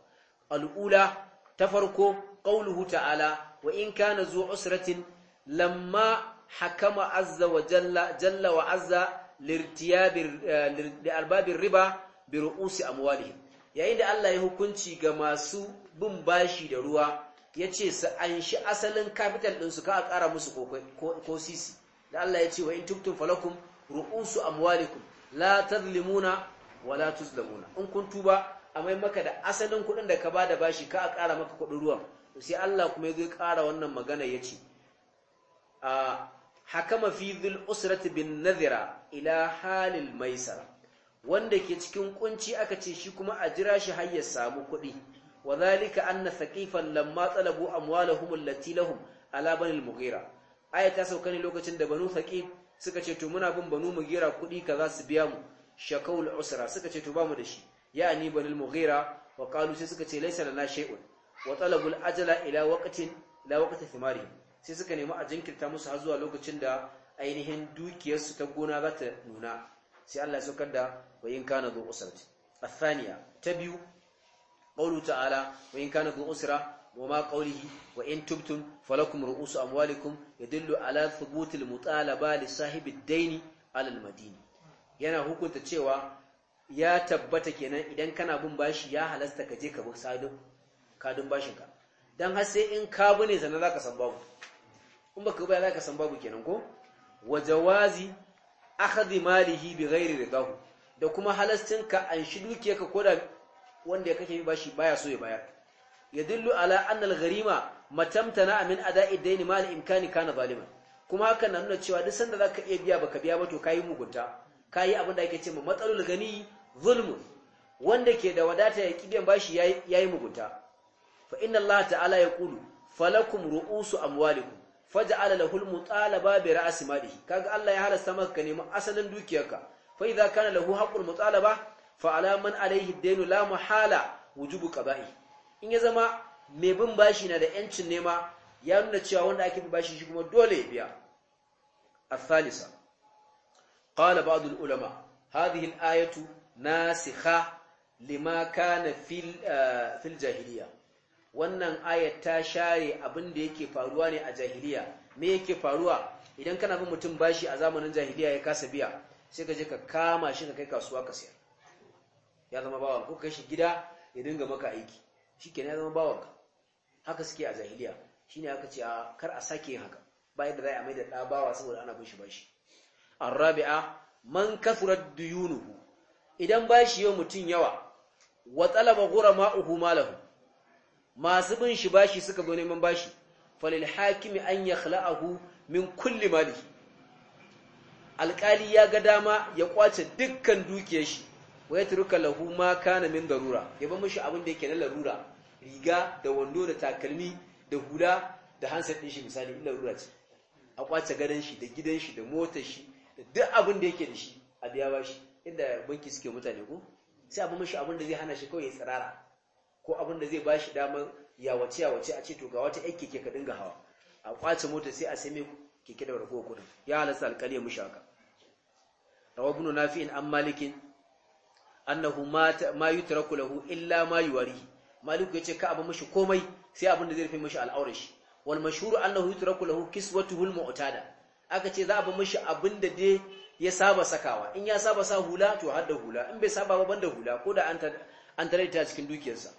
al'ula ta farko ƙauluhu ta'ala wa in kana zuwa usratin lamma hakama azza wa jalla wa azza lirtiyabir riba bi ru'usi amwalihim yayin da Allah ya hukunci ga masu bin bashi da ruwa ya ce su shi asalin kafital din su ka ƙara musu ko sisi da Allah ya ce wa in tuktun falakum ru'usu amwalikum la tadlimuna wala tuzlamuna in kun tuba a mai maka da asalin kuɗin da ka ba da bashi ka a ƙara maka kuɗin ruwan sai Allah kuma ya zo ƙara wannan magana ya ce hakama fi dhil usrati bin nadhira ila halil maisar. wanda ke cikin kunci aka ce shi kuma a jira shi har ya samu kuɗi Wazalika, zalika anna thaqifan lamma talabu amwalahum allati lahum ala bani mughira ta sauka ne lokacin da banu thaqif suka ce to muna bin banu mughira kuɗi kaza su biya mu shakawul usra suka ce to bamu da shi yani banil mughira wa qalu sai suka ce laysa lana shay'un wa talabul ajala ila waqtin ila thimari sai suka nemi a jinkirta musu har zuwa lokacin da ainihin dukiyarsu ta gona za ta nuna sai Allah ya saukar da wayin kana dhu usrati athaniya ta biyu qawlu ta'ala wayin kana dhu usra وما قوله وإن تبتم a رؤوس أموالكم يدل على ثبوت المطالبة لصاحب الدين على madini. yana hukunta cewa ya tabbata kenan idan kana bin bashi ya halasta ka je ka bin sadin kadin bashinka don har sai in ka bi ne za san babu in baka baya za san babu kenan ko wa jawazi akhdhi malihi bighairi ridahu da kuma halastin ka an shi ka koda wanda ya kake bashi baya so ya bayar yadullu ala anna al-gharima matamtana min ada'i ad-dayn mal imkani kana zaliman kuma hakan na nuna cewa duk sanda zaka iya biya baka biya ba to kai mugunta ka yi abin da ake ce ma matsalul gani zulmu. wanda ke da wadata ya kibiyan bashi ya yi mugunta fa inna Allah ta'ala ya kulu falakum ru'usu amwalikum faj'ala lahul mutalaba bi ra'si malihi kaga Allah ya halasta maka ka asalin dukiyarka fa idza kana lahu haqqul mutalaba fa ala man alayhi ad-dainu la muhala wujubu qada'i in ya zama mai bin bashi na da yancin nema ya nuna cewa wanda ake bin bashi shi kuma dole ya biya الثالثه قال بعض ulama هذه ayatu لما كان kana fil fil jahiliya wannan ayat ta share abin da yake faruwa ne a jahiliya me yake faruwa idan kana bin mutum bashi a zamanin jahiliya ya kasa biya sai ka je ka kama shi ka kai kasuwa ka sayar ya zama bawan ko kai shi gida ya dinga maka aiki shikenan ya zama bawan ka haka suke a jahiliya shine aka ce kar a sake haka ba yadda za a mai da ɗa bawa saboda ana bin shi bashi Arabi’a, man kathurat duyunuhu idan bashi yau mutum yawa wa talaba ma malahu masu bin shi bashi suka zo neman bashi falil hakimi an yakhla'ahu min kulli mali. alƙali ya ga dama ya kwace dukkan dukiyar shi wa ya turka lahu ma kana min darura ya ba mashi abin da yake na larura riga da wando da takalmi da hula da hansa ɗin shi misali illa larura ce a kwace gadon shi da gidan shi da motar shi duk abin da yake da shi a biya ba shi inda banki suke mutane ko sai abin mashi abin da zai hana shi kawai ya tsirara ko abin da zai ba shi damar yawace yawace a ce to ga wata yar keke ka dinga hawa a kwace mota sai a sai mai keke da rago kudin ya halasta alƙali mu shaka fi nafi'in an malikin annahu ma yutraku lahu illa ma yuwarihi maliku ce ka abin mashi komai sai abin da zai rufe mashi al'aurar shi wal mashhur annahu yutraku lahu kiswatuhu mu'tada aka ce za a bi mishi abin da dai ya saba sakawa in ya saba sa hula to har da hula in bai saba ba banda hula ko da an tare ta cikin dukiyarsa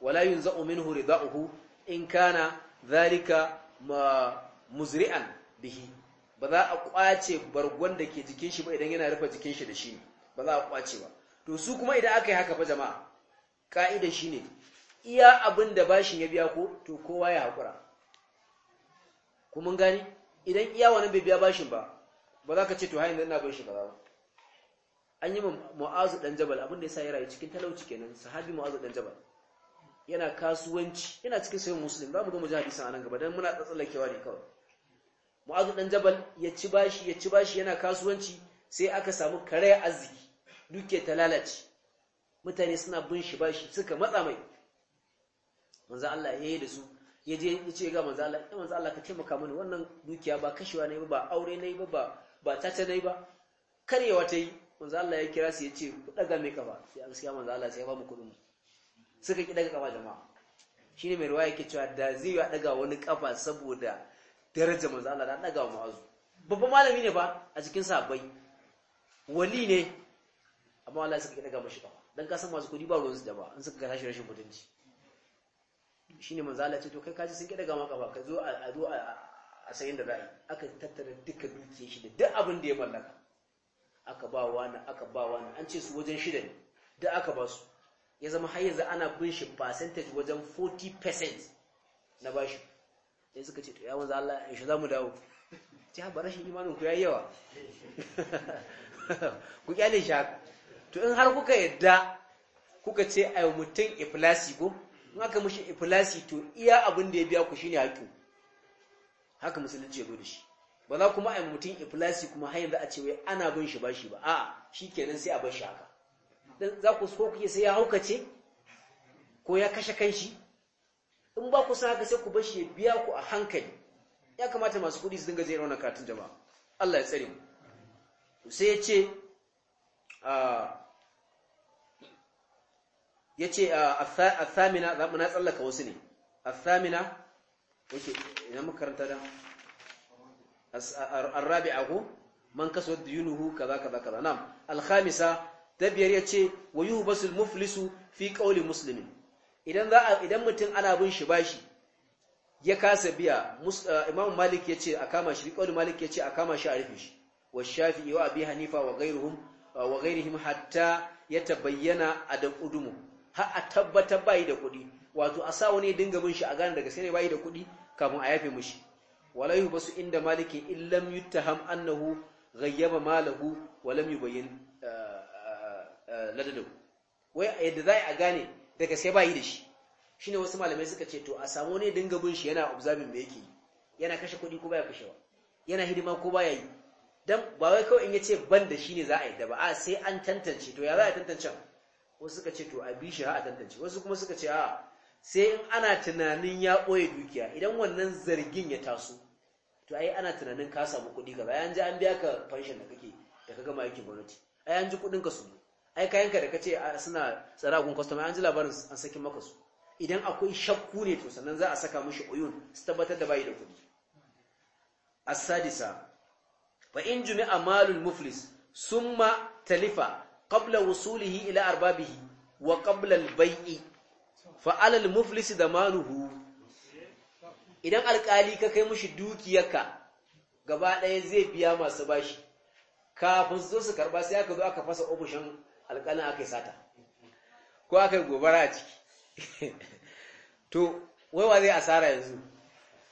wala zau minhu ridahu in kana zalika muzri'an bihi ba za a kwace bargon da ke jikin shi ba idan yana rufe jikin shi da shi ba za a kwace ba to su kuma idan aka yi haka fa jama'a ka'ida ne. iya abin da bashin ya biya ko to kowa ya hakura kuma gani idan iya wani bai biya bashin ba ba za ka ce to hayin ina bin shi ba an yi mu'azu dan jabal abin da sa ya rayu cikin talauci kenan sahabi mu'azu dan jabal yana kasuwanci yana cikin sayin musulun za mu zo mu ji a nan gaba don muna tsallakewa ne kawai mu'azu dan jabal ya ci bashi ya ci bashi yana kasuwanci sai aka samu kare arziki duke ta lalace mutane suna bin shi bashi suka matsa mai Wanzan Allah ya yi da su ya je ya ce ga manzo Allah ya manzo Allah ka taimaka mani wannan dukiya ba kashewa ne ba aure ne ba ba ba tata ne ba karewa ta yi manzo Allah ya kira su ya ce ku daga mai kafa sai a gaskiya manzo Allah sai ya ba mu kuɗin suka ki daga kafa jama'a shine mai riwaya ke cewa da zai ya daga wani kafa saboda daraja manzo Allah da daga wa ma'azu babban malami ne ba a cikin sabai wali ne amma Allah suka ki daga mashi kafa dan kasan masu kudi ba ruwan su da ba in suka ga tashi rashin mutunci shine manzo Allah ce to kai kaji sun kidaga maka ba ka zo a zo a sayin da za'i aka tattara duka dukiyar shi da duk abin da ya mallaka aka ba wani aka ba wani an ce su wajen shida ne duk aka ba su ya zama har yanzu ana bin shi percentage wajen 40% na bashi sai suka ce to ya manzo Allah in shi zamu dawo ci ha barashin imanin ku yayi yawa [laughs] ku kyale shi to in har kuka yadda kuka ce ayi mutum iflasi ko in aka mushi iflasi to iya abin da ya biya ku shine haƙƙi haka musulunci ya zo da shi ba za kuma a yi mutum iflasi kuma har yanzu a ce wai ana bin shi bashi ba a'a shikenan sai a bar shi haka dan za ku so ku sai ya haukace ko ya kashe kanshi in ba ku san haka sai ku bar shi ya biya ku a hankali ya kamata masu kuɗi su dinga zai rauna katin jama'a Allah ya tsare mu sai ya ce ah, ya ce a ah, thamina za mu na tsallaka wasu ne a thamina wake ina makaranta da arrabi ahu man kasu wadda yunuhu kaza kaza kaza nam alhamisa ta ya ce wa yuhu basul muflisu fi ƙauli musulmin idan za a idan mutum ana bin shi bashi ya kasa biya ah, imam malik ya ce a kama shi ƙauli malik ya ce a kama shi a rufe shi wa shafi'i wa abi hanifa wa gairuhum ah, wa gairihim hatta ya tabayyana a da ƙudumu har a tabbatar bayi da kuɗi wato a sa wani dinga bin shi a gane daga sai ne bai da kuɗi kafin a yafe mishi walaihu basu inda maliki illam yuttaham annahu ghayyaba malahu wa lam yubayyin eh, eh, eh, ladadu wai yadda zai a gane daga sai bayi da shi shine wasu malamai suka ce to a samu ne dinga bin shi yana observing me yake yana kashe kuɗi ko baya kashewa yana hidima ko baya yi dan ba wai kawai in yace ban da shine za a yi da ba a sai an tantance to ya za a tantance wasu suka ce to a bi shi a tantance wasu kuma suka ce a sai in ana tunanin ya ɓoye dukiya idan wannan zargin ya taso to ai ana tunanin ka samu kuɗi ka bayan ji an biya ka fanshin da kake da ka gama aikin gwamnati ai an ji kuɗin ka su ai kayan ka da kace suna tsara gun customer an ji labarin an saki maka su idan akwai shakku ne to sannan za a saka mishi uyun su tabbatar da bai da kuɗi asadisa sadisa fa in jumi'a malul muflis summa talifa qabla wusulihi ila arbabihi wa qabla baii fa ala da muflis idan alkali ka kai mushi dukiyarka gaba ɗaya zai biya masu bashi kafin su zo su karba sai aka zo aka fasa ofishin alƙalin aka yi sata ko aka yi gobara a ciki [laughs] to waiwa zai asara yanzu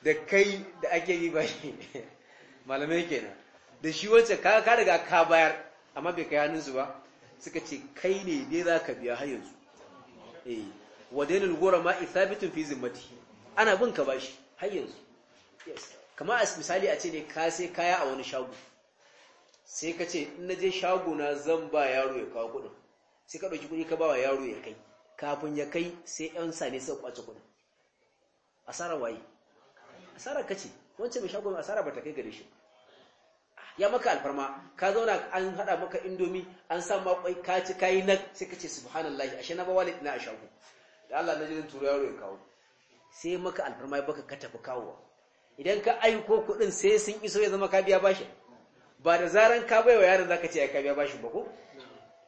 da kai da ake yi bashi [laughs] malamai kenan da shi wancan ka riga ka bayar amma bai kai hannunsu ba suka ce kai ne dai za ka biya har yanzu eh wadainul gurama ithabitun fi zimmati ana bin ka bashi har yanzu yes kamar misali a ce ne ka sai kaya a wani shago sai ka ce in na je shago na zan ba yaro ya kawo kuɗin sai ka ɗauki kudi ka ba wa yaro ya kai kafin ya kai sai yan sane sai kwace kuɗin asara waye asara kace wancan mai shago asara ba ta kai gare shi ya maka alfarma ka zauna an haɗa maka indomi an sa ma ka ci kai na sai ka ce subhanallahi ashe na ba walid na ashaku da Allah na jirin turu yaro ya kawo sai maka alfarma ya baka ka tafi kawo idan ka aiko kuɗin sai sun iso ya zama ka biya bashi ba da zaran ka bai wa yaron zaka ce ya ka biya bashi ba ko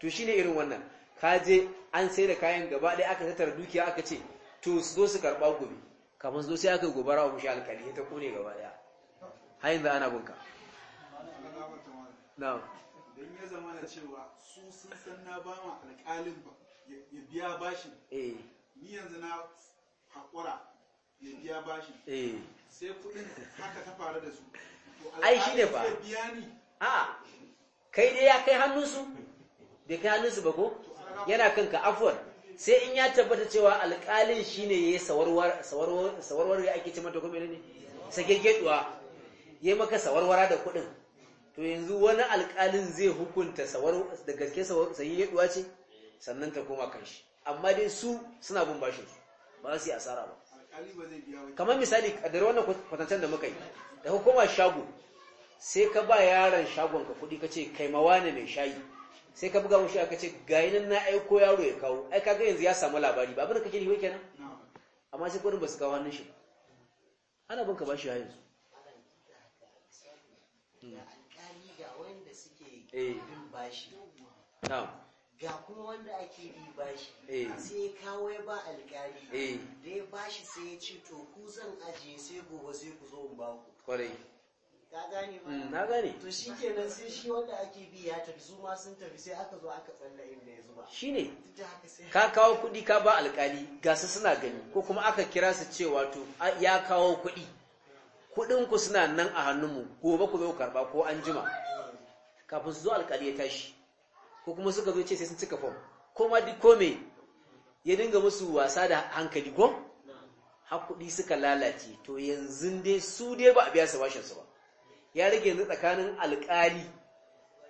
to shine irin wannan ka je an sai da kayan gaba ɗaya aka tattara dukiya aka ce to su zo su karɓa gobe kamar su zo sai aka gobara wa mushi alkali ta kone gaba ɗaya har yanzu ana bunka ai shi ne ba a kai dai ya kai hannunsu Da kai hannunsu ba ko yana kanka afuwar sai in ya tabbata cewa alƙalin shi ne ya yi sawarwar ya ake ce mata kuma ne sake ya maka sawarwara da kuɗin to yanzu wani alƙalin zai hukunta sawar da gaske sahihiyaduwa ce sannan ta koma kanshi amma dai su suna bin bashin ba su yi asara ba kamar misali kadar wannan kwatancen da muka yi da hukuma shago sai ka ba yaron shagon ka kuɗi ka ce 'Kaimawa ne mai shayi sai ka buga mushi aka ce ga nan na aiko yaro ya kawo ai kaga yanzu ya samu labari ba abin da kake riwe kenan amma sai kuɗin ba su kawo hannun shi ana bin ka bashi yanzu hmm. Eh. bin bashi ga kuma wanda ake bi bashi eh. sai ya kawo ya ba alkali eh. da ya bashi sai ya ce to ku zan ajiye sai gobe sai ku zo in ba ku kwarai ka gane ba mm, na gane to shi kenan sai shi wanda ake bi ya tafi su ma sun tafi sai aka zo aka tsalla inda ya zuba Shi ne, ka kawo kuɗi ka ba alkali ga su suna gani ko kuma aka kira su cewa to ya kawo kuɗi kuɗin ku suna nan a hannunmu gobe ku zo karɓa ko an jima kafin su zo alkali ya tashi ko kuma suka zo ce sai sun cika fom ko ma duk ko ya dinga musu wasa da hankali ko hakudi suka lalace to yanzu dai su dai ba a biya su bashin su ba ya rage yanzu tsakanin alƙali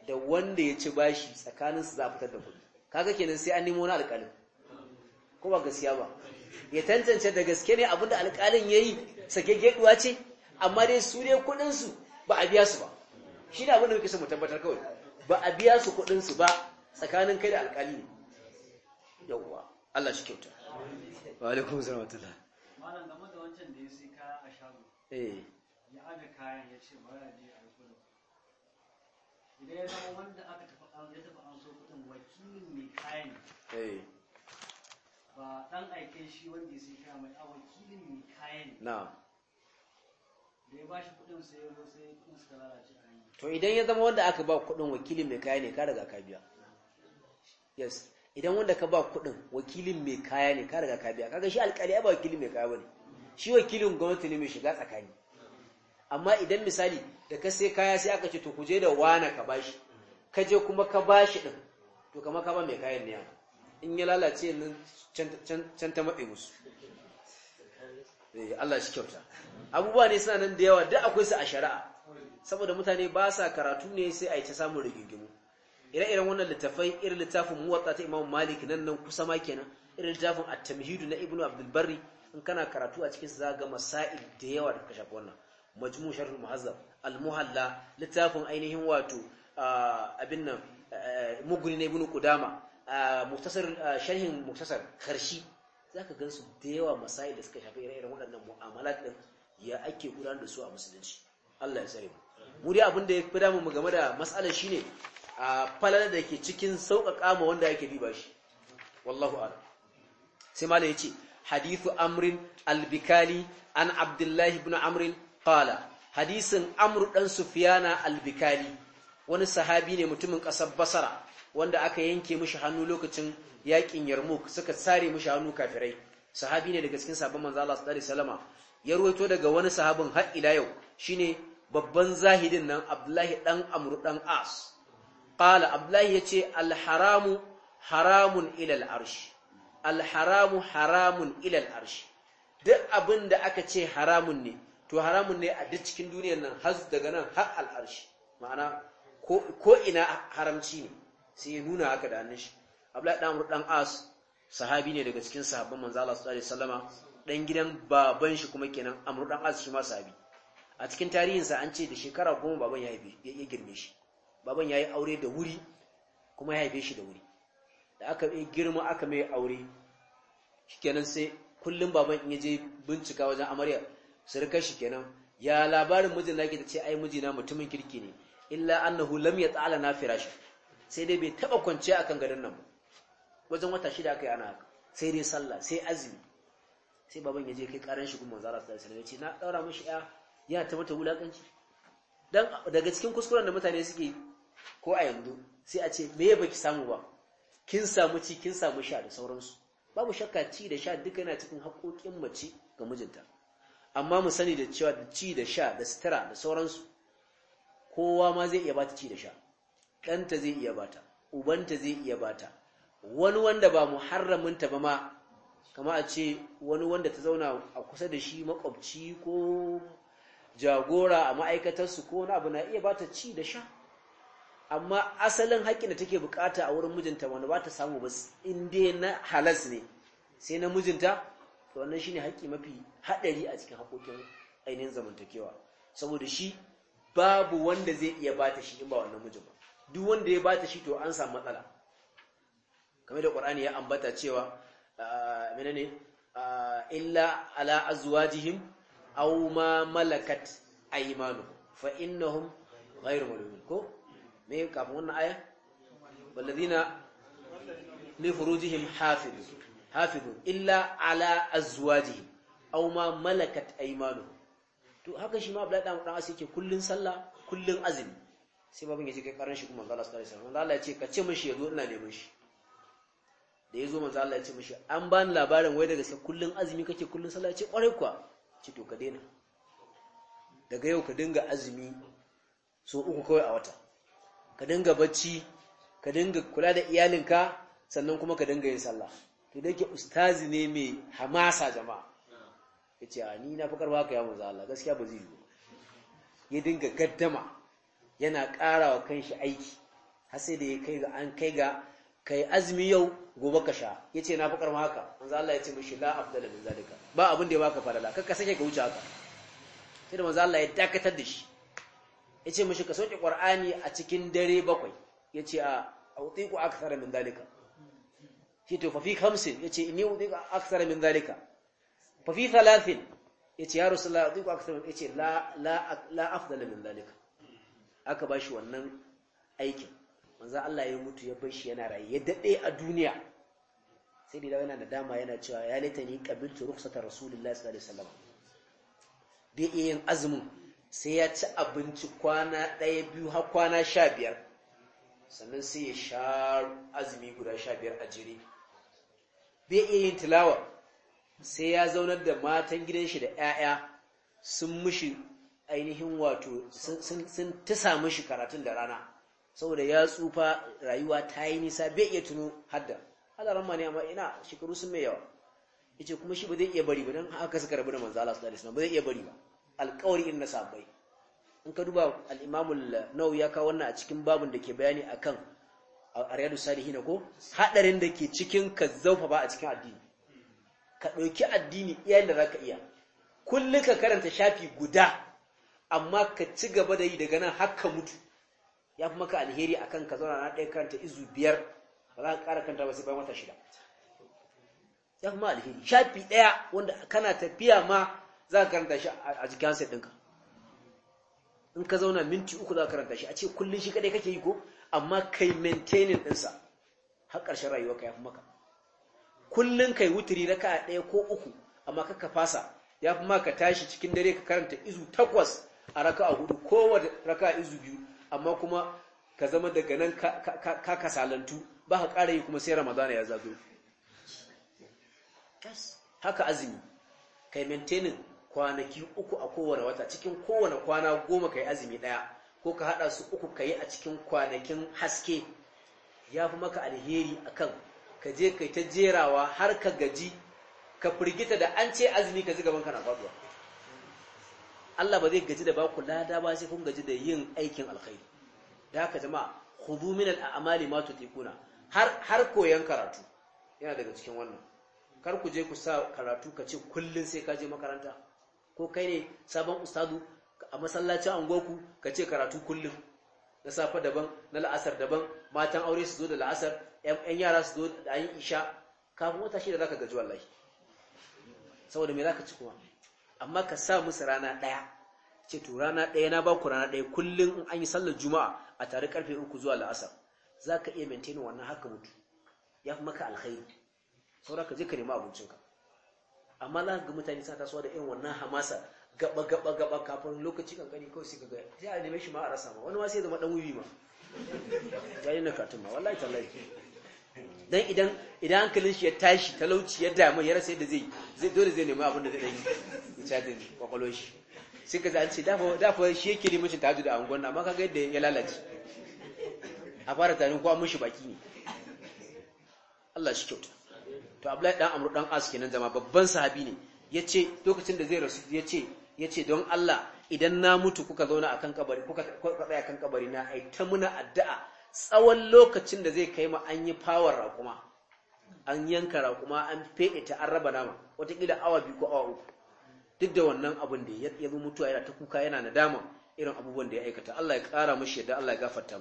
da wanda ya ci bashi tsakanin su za da kuɗi kaga kenan sai an nemo na alƙalin ko ba gaskiya ba ya tantance da gaske ne abinda alƙalin yayi sake geduwa ce amma dai su dai kuɗin ba a biya su ba shi ne abin da muke tabbatar kawai ba a biya su kuɗinsu ba tsakanin kai da alƙali ne yawwa Allah shi kyauta wa alaikum salam matala malam game da wancan da ya sai kaya a shago eh. ya aga kayan ya ce ba ya a yi dan eh. aike shi wanda sai kaya mai a wakilin mai kayan sai sai suka lalace to idan ya zama wanda aka ba kudin wakili mai kaya ne ka riga ka biya yes idan wanda ka ba kudin wakilin mai kaya ne ka riga ka biya kaga shi alƙali ya ba wakili mai kaya bane shi wakilin gwamnati ne mai shiga tsakani amma idan misali da ka sai kaya sai aka ce to kuje da wana ka bashi ka je kuma ka bashi din to kamar ka ba mai kayan ne ya, in ya lalace nan can ta matse musu Eh, Allah shi kyauta abubuwa ne suna nan da yawa duk akwai su a shari'a saboda mutane ba sa karatu ne sai a yi ta samun rigingimu ire-iren wannan littafai irin littafin muwatta ta imamu Malik nan nan kusa ma kenan irin littafin at tamhidu na Ibn Abdul Barri in kana karatu a cikin sa ga masail da yawa da kashe wannan Majmu' Sharh muhazzab al-Muhalla littafin ainihin wato ah, abin nan eh, Mughni na Ibn Qudama ah, muktasar ah, sharhin muktasar Karshi za ka gan su da yawa masayi da suka shafi ire-iren waɗannan mu'amalat ɗin ya ake gudanar da su a musulunci Allah ya tsare mu mu abin da ya fi damu mu game da matsalar shine a falala da ke cikin sauƙaƙa ma wanda yake riba shi wallahu a'lam sai malai yace hadithu amrin albikali an abdullahi ibn amrin qala hadisin amru dan sufyana albikali wani sahabi ne mutumin ƙasar basara wanda aka yanke mishi hannu lokacin yakin Yarmuk suka sare mishi hannu kafirai sahabi ne daga cikin sahabban manzo Allah sallallahu alaihi wasallama ya ruwaito daga wani sahabin har ila yau shine babban zahidin nan Abdullahi dan Amr dan As qala Abdullahi yace al-haramu haramun ila al-arsh al-haramu haramun ila al-arsh duk abin da aka ce haramun ne to haramun ne a duk cikin duniyar nan har daga nan har al-arsh ma'ana ko ina haramci ne sai ya nuna haka da hannun shi abdullahi dan as sahabi ne daga cikin sahabban manzo Allah sallallahu alaihi wasallama dan gidan baban shi kuma kenan Amurdan as shi ma sahabi a cikin tarihinsa an ce da shekara goma baban ya haife ya girme shi baban ya yi aure da wuri kuma ya haife shi da wuri da aka yi girma aka mai aure shikenan sai kullum baban in ya je bincika wajen amarya surkar shi kenan ya labarin mijin nake ta ce ai mijina mutumin kirki ne illa annahu lam yata'ala na firashi sai dai bai taba kwanciya akan gadon nan ba wajen wata shida aka yi ana haka sai dai sallah sai azumi sai baban ya je kai karan shi gumman zara sallallahu ya ce na daura mishi ya ya ta mata wulakanci dan daga cikin kuskuren da mutane suke ko a yanzu sai a ce me ya baki samu ba kin samu ci kin samu sha da sauransu babu shakka ci da sha duka yana cikin haƙoƙin mace ga mijinta amma mu sani da cewa da ci da sha da sutura da sauransu kowa ma zai iya ba ta ci da sha ɗanta zai iya bata ubanta zai iya bata wani wanda ba muharraminta ba ma kama a ce wani wanda ta zauna a kusa da shi makwabci ko jagora a ma'aikatarsu ko wani abu na iya bata ci da sha amma asalin haƙƙin da take bukata a wurin mijinta wanda ba ta samu ba in dai na halas ne sai na mijinta to wannan shine haƙƙi mafi haɗari a cikin haƙoƙin ainihin zamantakewa saboda shi babu wanda zai iya bata shi in ba wannan mijin ba duk wanda ya bata shi to an samu matsala kamar da qur'ani ya ambata cewa ah, menene ah, illa ala azwajihim aw ma malakat aymanuhum fa innahum ghayru malumin ko me kafin wannan aya walladina li furujihim hafiz hafizu illa ala azwajihim aw ma malakat aymanuhum to haka shi ma abla dan dan asike kullun sallah kullun azumi sai babin ya ce kai karin shi kuma manzo Allah sallallahu alaihi wasallam Allah ya ce ka ce mishi ya zo ina neman shi da ya zo manzo Allah ya ce mishi an bani labarin wai daga sai kullun azumi kake kullun sallah ce kwarai kuwa ce to ka daina daga yau ka dinga azumi so uku kawai a wata ka dinga bacci ka dinga kula da iyalinka sannan kuma ka dinga yin sallah to da ustazi ne mai hamasa jama'a yace a ni na fi karba ka ya manzo Allah gaskiya ba zai yi ya dinga gaddama yana ƙara wa kanshi aiki har sai da ya kai ga an kai ga kai azumi yau gobe ka sha Ya ce na fi karma haka manzo Allah ce mishi la afdala min zalika ba abin da ya baka falala kakka sake ka wuce haka sai da manzo Allah ya dakatar da shi Ya ce mishi ka sauke Qur'ani a cikin dare bakwai Ya ce a autiku akthar min zalika shi to fa fi khamsin yace inni utiku akthar min zalika fa fi thalathin ce ya rasulullah utiku akthar yace la la la afdala min zalika aka ba shi wannan aikin manzo Allah ya mutu ya bar shi yana raye ya dade a duniya sai da yana da dama yana cewa ya laitani qabiltu rukhsata rasulillahi sallallahu alaihi wasallam da yin azumin sai ya ci abinci kwana ɗaya biyu har kwana sha biyar sannan sai ya sha azumi guda sha biyar a jere bai iya yin tilawa sai ya zaunar da matan gidan shi da 'ya'ya sun mushi ainihin wato sun ta samu shi karatun da rana saboda ya tsufa rayuwa ta yi nisa bai iya tuno hadda hadaran ma ne amma ina shekaru sun mai yawa ice kuma shi ba zai iya bari ba don haka suka rabu da manzo Allah sallallahu alaihi ba zai iya bari ba alƙawari in na sabai in ka duba al-Imam ya kawo wannan a cikin babun da ke bayani akan Riyadu Salihin ko hadarin da ke cikin kazzaufa ba a cikin addini ka ɗauki addini iyayen da zaka iya kullu ka karanta shafi guda amma ka ci gaba da yi daga nan haka mutu ya fi maka alheri a kan ka zauna na ɗaya karanta izu biyar ba za ka ƙara kanta ba sai bayan wata shida ya fi ma alheri shafi ɗaya wanda kana tafiya ma za ka karanta shi a jikin hansa ɗinka in ka zauna minti uku za ka karanta shi a ce kullum shi kaɗai kake yi ko amma kai maintaining ɗinsa har ƙarshen ka ya fi maka kullum kai wuturi ka ɗaya ko uku amma ka fasa ya fi ma ka tashi cikin dare ka karanta izu takwas a raka'a hudu kowace raka'a izu biyu amma kuma ka zama daga nan ka kasalantu ba ka ƙara yi kuma sai ramadana ya zazo haka azumi kai maintainin kwanaki uku a kowane wata cikin kowane kwana goma kai azumi ɗaya ko ka haɗa su uku ka yi a cikin kwanakin haske ya fi maka alheri akan ka je kai ta jerawa har ka gaji ka firgita da an ce azumi ka zigaban kana faduwa Allah ba zai gaji da baku lada ba sai kun gaji da yin aikin alkhairi da haka jama'a khudhu min al'amali ma tutiquna har har koyan karatu yana daga cikin wannan kar ku je ku sa karatu ka ce kullun sai ka je makaranta ko kai ne sabon ustadu a masallacin angoku ka ce karatu kullun na safa daban na la'asar daban matan aure su zo da la'asar yan yara su zo da ayin isha kafin wata shida zaka gaji wallahi saboda me zaka ci kuma amma ka sa musu rana ɗaya ce to rana ɗaya na baku rana ɗaya kullum in an yi sallar juma'a a tare karfe uku zuwa la'asar za ka iya maintain wannan haka mutu ya fi maka alkhairi saura ka je ka nemi abincinka amma za ka ga mutane sa tasowa da irin wannan hamasa gaba gaba gaba kafin lokaci kankani kawai sai ka ga sai a neme shi ma a rasa ma wani ma sai zama dan wiwi ma ya yi na katin ma wallahi tallahi dan idan idan hankalin shi ya tashi talauci ya damu ya rasa yadda zai zai dole zai nemi abin da zai yi chatin kwakwalo shi sai ka zance dafa dafa shi yake neman shi tahajjud a unguwan amma kaga yadda ya lalace a fara tarin kuwa mushi baki ne Allah shi kyauta to Abdullahi dan Amr dan As kenan zama babban sahabi ne yace lokacin da zai rasu yace yace don Allah idan na mutu kuka zauna akan kabari kuka tsaya akan kabari na ai ta muna addu'a tsawon lokacin da zai kai ma an yi fawar rakuma an yanka rakuma an feɗe ta an raba nama watakila awa biyu ko awa uku duk da wannan abin da ya zo mutuwa yana ta kuka yana nadama irin abubuwan da ya aikata Allah ya kara mashi yadda Allah ya gafarta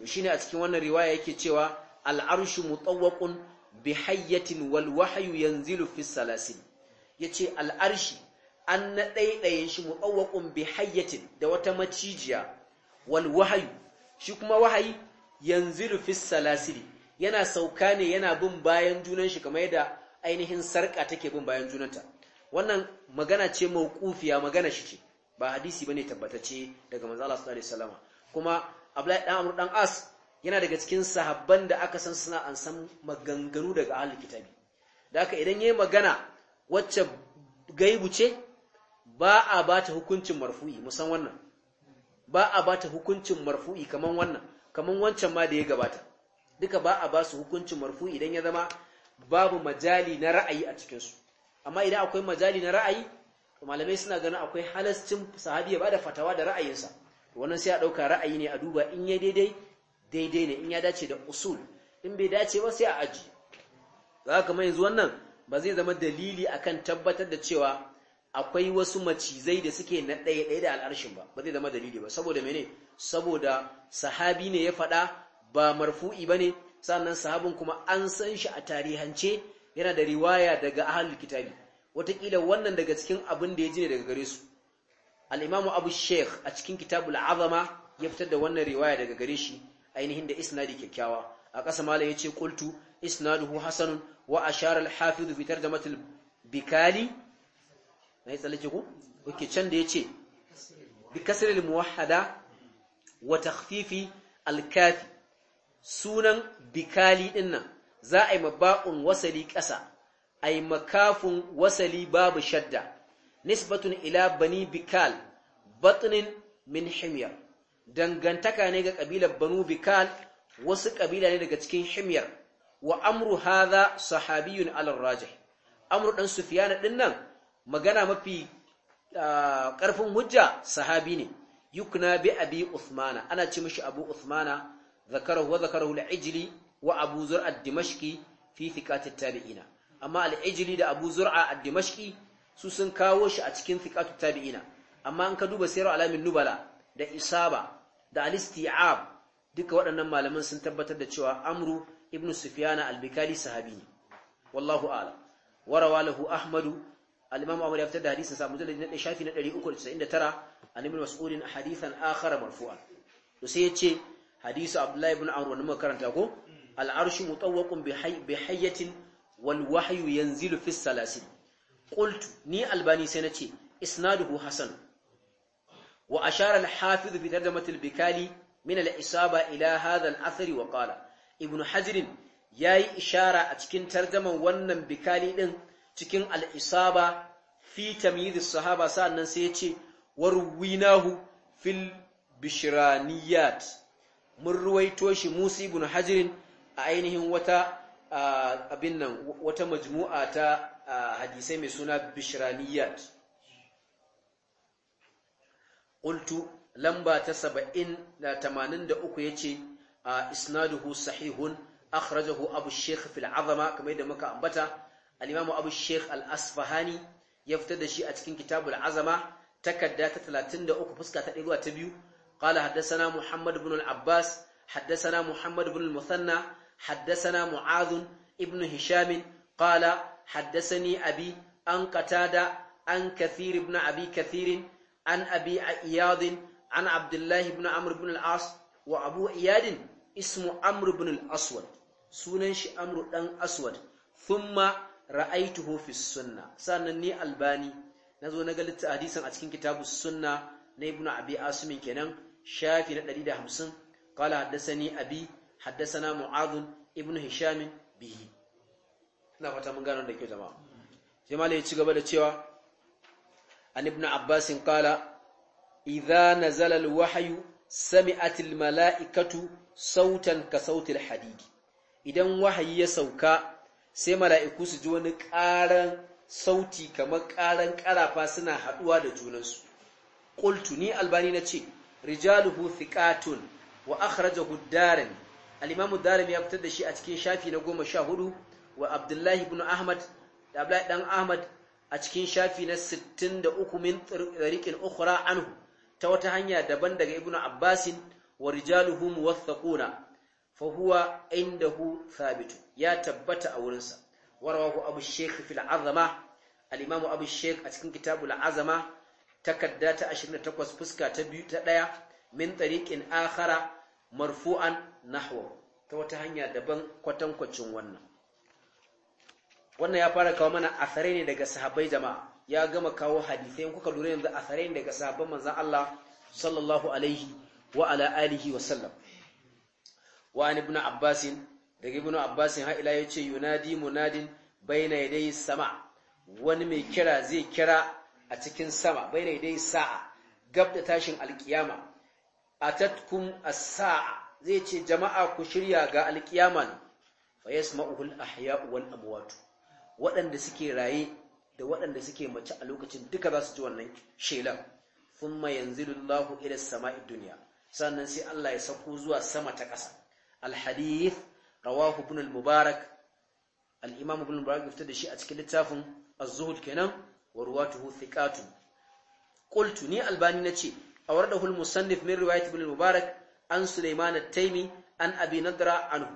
to shine a cikin wannan riwaya yake cewa al'arshu mutawwaqun bi hayyatin wal wahyu yanzilu fi salasil yace al'arshi an na ɗaiɗayin shi mutawwaqun bi hayyatin da wata macijiya wal wahyu shi kuma wahayi Yanzu fis salasili yana sauka ne yana bin bayan junan shi kamar yadda ainihin sarka take bin bayan junanta wannan magana ce mawqufiya magana shi ce ba hadisi bane tabbatacce daga manzo Allah sallallahu alaihi wasallam kuma Abdullahi dan Amr dan As yana daga cikin sahabban da aka san suna an san maganganu daga ahli kitabi da haka idan yayi magana wacce gaibu ce ba a bata hukuncin marfu'i musan wannan ba a bata hukuncin marfu'i kaman wannan kamar wancan ma da ya gabata duka ba a ba su hukuncin marfu idan ya zama babu majali na ra'ayi a cikinsu amma idan akwai majali na ra'ayi malamai suna ganin akwai halascin sahabi ya bada fatawa da ra'ayinsa wannan sai a ɗauka ra'ayi ne a duba in ya daidai daidai ne in ya dace da usul in bai dace ba sai a aji za ka yanzu wannan ba zai zama dalili akan tabbatar da cewa akwai wasu macizai da suke na ɗaya ɗaya da al'arshin ba ba zai zama dalili ba saboda mene saboda sahabi ne ya faɗa ba marfu'i ba ne sannan sahabin kuma an san shi a tarihance yana da riwaya daga ahalul kitabi wataƙila wannan daga cikin abin da ya ji ne daga gare su al'imamu abu sheikh a cikin kitabul azama ya fitar da wannan riwaya daga gare shi ainihin da isnadi kyakkyawa a ƙasa mala ya ce kultu isnaduhu hasanun wa ashara da fitar da matul bikali na yi tsallake ku? ok can da ya ce Bikasirin muwahada wa takhfifi alkafi sunan bikali dinnan za a yi maba'un wasali ƙasa a yi makafin wasali babu shadda nisbatun ila bani bikal batnin min himyar dangantaka ne ga ƙabilar banu bikal wasu ƙabila ne daga cikin himyar wa amru haza sahabiyun alal amru dan sufiyana dinnan magana mafi ah, ƙarfin hujja sahabi ne yukna bi abi usmana ana ce mishi abu usmana zakarahu wa zakarahu al-ijli wa abu zur'a ad-dimashqi fi thiqat tabiina amma al-ijli da abu zur'a ad-dimashqi su sun kawo shi a cikin thiqat at-tabi'ina amma in ka duba sayar alamin nubala da isaba da al-isti'ab duka waɗannan malaman sun tabbatar da cewa amru ibnu sufyana al-bikali sahabi ne wallahu a'lam warawa lahu ahmadu al-imam ahmad ya fitar da hadisin sa mujallad na shafi na 399 an ibn hadisan hadithan akhar marfu'an to sai yace hadisu abdullahi ibn amr wannan makaranta ko al arshu mutawwaqun bi hayyatin wal wahyu yanzilu fi salasil qultu ni albani sai nace isnaduhu hasan wa ashara al hafiz fi tarjamati al bikali min al isaba ila hadha al athari wa qala ibn hajr yayi ishara a cikin tarjaman wannan bikali din cikin al isaba fi tamyiz as sahaba sannan sai yace warwinahu fil bishraniyat mun ruwaito shi Musa ibn Hajirin a ainihin wata abin nan wata majmu'a ta hadisai mai suna bishraniyat qultu lamba ta 70 da yace isnaduhu sahihun akhrajahu abu sheikh fil azama kamar yadda muka ambata al-imamu abu sheikh al-asfahani ya fitar da shi a cikin kitabul azama takarda ta 33 fuska ta 1 ta biyu qala haddathana muhammad ibn al-abbas haddathana muhammad ibn al-muthanna haddathana mu'adh ibn hisham qala haddathani abi an qatada an kathir ibn abi kathir an abi iyad an abdullah ibn amr ibn al-as wa abu iyad ismu amr ibn al-aswad sunan shi amru dan aswad thumma ra'aitu fi sunna sannan ni albani na zo na ga hadisin a cikin kitabu sunna na ibnu abi asimin kenan shafi na 150 qala haddathani abi haddathana mu'adh ibn hisham bihi na fata mun gano da kyau jama'a jama'a ya ci gaba da cewa an ibnu abbas qala idha nazala alwahyu sami'at al-mala'ikatu sautan ka sautil hadidi idan wahayi ya sauka sai mala'iku su ji wani ƙaran sauti kamar ƙaran ƙarafa suna haɗuwa da junansu qultu ni albani na ce rijaluhu thiqatun wa akhrajahu ad-darimi al-imam ad ya fitar da shi a cikin shafi na 14 wa abdullahi ibn ahmad da abdullahi dan ahmad a cikin shafi na 63 min tariqin ukhra anhu ta wata hanya daban daga ibn abbasin wa rijaluhu muwaththaquna fa huwa indahu thabit ya tabbata a wurinsa warawahu abu sheikh fil azama al-imamu abu sheikh a cikin kitabul azama takadda ta 28 fuska ta biyu ta ɗaya min tariqin akhara marfu'an nahwa ta wata hanya daban kwatankwacin wannan wannan ya fara kawo mana asarai ne daga sahabbai jama'a ya gama kawo hadisai in kuka lura yanzu asarai ne daga sahabban manzon Allah sallallahu alaihi wa ala alihi wa sallam wa ibn abbasin daga ibn abbas ha ila yace yunadi munadin baina yadayi sama wani mai kira zai kira a cikin sama baina yadayi sa'a gab da tashin alkiyama atatkum as-sa'a zai ce jama'a ku shirya ga alkiyama fa yasma'uhu al-ahya'u wal amwat waɗanda suke raye da waɗanda suke mace a lokacin duka za su ji wannan shelan thumma yanzilu Allahu ila as-sama'i dunya sannan sai Allah ya sako zuwa sama ta ƙasa al-hadith rawahu ibn al-mubarak al-imam ibn al-mubarak da shi a cikin littafin az-zuhud kenan wa ruwatuhu thiqatun qultu ni albani nace awradahu al-musannif min riwayat ibn al-mubarak an sulaiman at-taymi an abi nadra anhu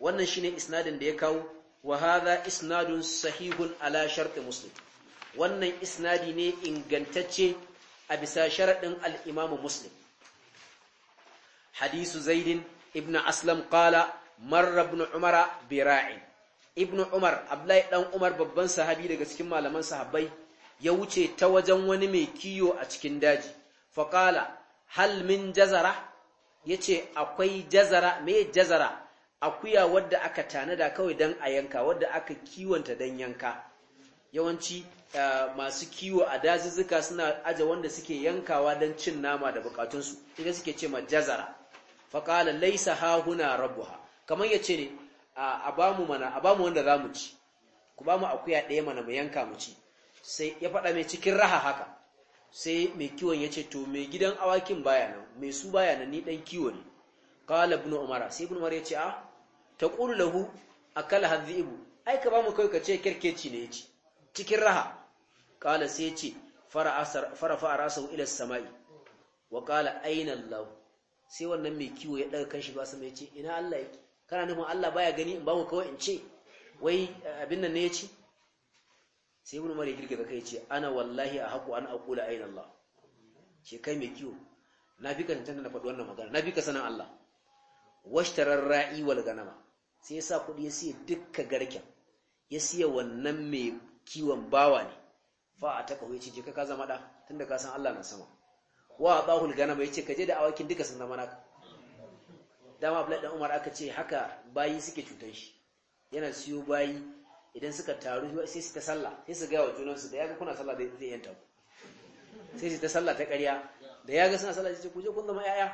wannan shine isnadin da ya kawo wa hadha isnadun sahihun ala shart muslim wannan isnadi ne ingantacce a bisa sharadin al-imam muslim hadisu zaidin ibn aslam qala marra ibn umara bira'in ibn umar abdullahi dan umar babban sahabi daga cikin malaman sahabbai ya wuce ta wajen wani mai kiyo a cikin daji faqala hal min jazara yace akwai jazara me jazara akuya wadda aka tanada kawai dan a yanka wadda aka kiwonta dan yanka yawanci uh, masu kiwo a dazuzzuka suna aje wanda suke yankawa dan cin nama da bukatunsu ita suke ce ma jazara faƙala laisa hahuna rabuha kamar ya ce ne a bamu mana a mu wanda za mu ci ku mu akuya ɗaya mana mu yanka mu ci sai ya faɗa mai cikin raha haka sai mai kiwon ya ce to mai gidan awakin baya nan mai su baya nan ni ɗan kiwo ne kawala bin umara sai bin umar ya ce a ta ƙuru lahu kala hadhibu ai ka bamu kai ka ce kirkeci ne ya ci cikin raha kawala sai ya ce farafa rasahu ila samai wa kala aina lau sai wannan mai kiwo ya ɗaga kanshi ba sama ya ce ina allah yake kana nufin Allah baya gani in ba mu kawai in ce wai eh, abin nan ne ya ce sai ibn umar ya girgiza kai ce ana wallahi a haku an aqula aina Allah ke kai mai kiwo na fi ka tantance na faɗi wannan magana na fi ka sanin Allah washtarar ra'i wal ganama sai ya sa kuɗi ya siya duka garken ya siya wannan mai kiwon bawa ne fa a taɓa ya ce ka zama ɗa tunda ka san Allah na sama wa a ɓahul ganama ya ce ka je da awakin duka sun zama naka dama abu dan Umar aka ce haka bayi suke cutan shi yana siyo bayi idan suka taru sai su ta sallah sai su gaya wa junansu da ya ga kuna sallah zai yanta ku sai su ta sallah ta ƙarya da ya ga suna sallah sai ku je kun zama yaya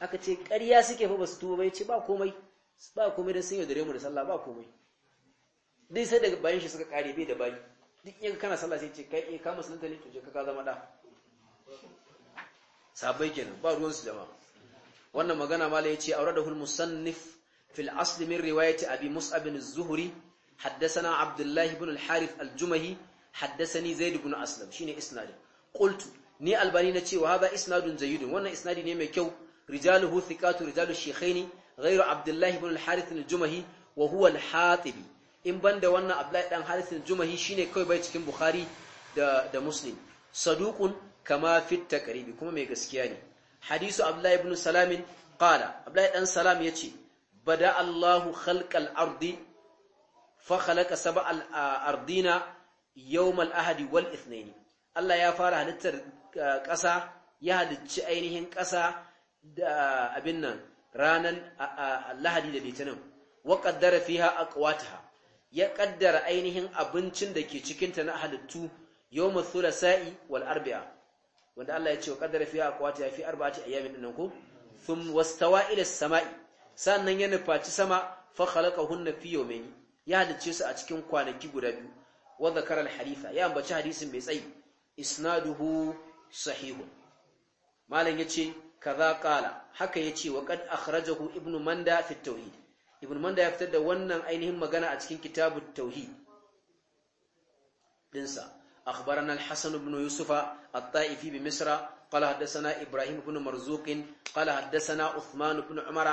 aka ce ƙarya suke fa basu tuba bai ce ba komai ba komai da sun yaudare mu da sallah ba komai dai sai daga bayan shi suka kare bai da bayi duk in kana sallah sai ce kai eh ka musulunta ne to je ka zama da sabai kenan ba ruwan su jama'a wannan magana mala yace awradahu al-musannif fil asl min riwayati abi mus'ab bin az-zuhri haddathana abdullah ibn al-harith al-jumahi haddathani zaid ibn aslam shine isnad qultu ni albani ce wa hada isnadun jayyidun wannan isnadi ne mai kyau rijaluhu thiqatu rijalu shaykhaini ghayru abdullah ibn al-harith al-jumahi wa huwa al-hatibi in banda wannan abdullah dan harith al-jumahi shine kai bai cikin bukhari da da muslim saduqun kama fit taqribi kuma mai gaskiya ne hadisu abdullahi ibn salamin qala abdullahi dan salam yace bada allahu khalqal ardi fa khalaqa sab'al ardina yawm al ahadi wal ithnain Allah ya fara halittar ƙasa ya halicci ainihin ƙasa da abin nan ranar lahadi da litinin wa qaddara fiha aqwataha ya qaddara ainihin abincin da ke cikinta na halittu yawm thulasa'i wal arba'a wanda Allah ya ce wa qaddara fiha aqwatiha fi arba'ati ayamin dinnan ko thum wastawa ila samai sannan ya nufaci sama fa khalaqahunna fi yawmin ya halice su a cikin kwanaki guda biyu wa dhakara al-haditha ya ambaci hadisin mai tsayi isnaduhu sahih malam yace kaza qala haka yace wa qad akhrajahu ibnu manda fi tauhid ibnu manda ya fitar da wannan ainihin magana a cikin kitabut tauhid dinsa أخبرنا الحسن بن يوسف الطائفي بمصر قال حدثنا إبراهيم بن مرزوق قال حدثنا عثمان بن عمر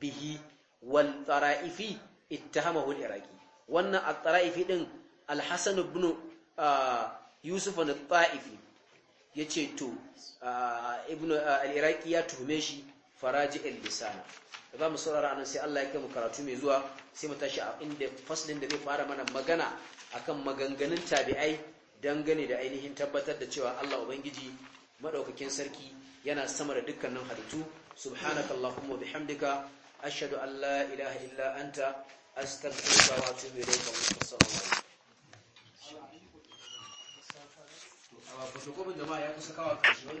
به والطرائفي اتهمه العراقي وأن الطرائفي دن الحسن بن يوسف الطائفي yace to ibnu al-iraqi ya tuhume shi faraji al-lisana za mu saurara anan sai Allah ya kai mu karatu mai zuwa sai mu tashi a inda faslin da zai fara mana magana akan maganganun tabi'ai dangane da ainihin tabbatar da cewa Allah ubangiji madaukakin sarki yana sama da dukkanin halittu subhanakallahumma bihamdika ashhadu an la ilaha illa anta astaghfiruka wa atubu ilayka assalamu alaikum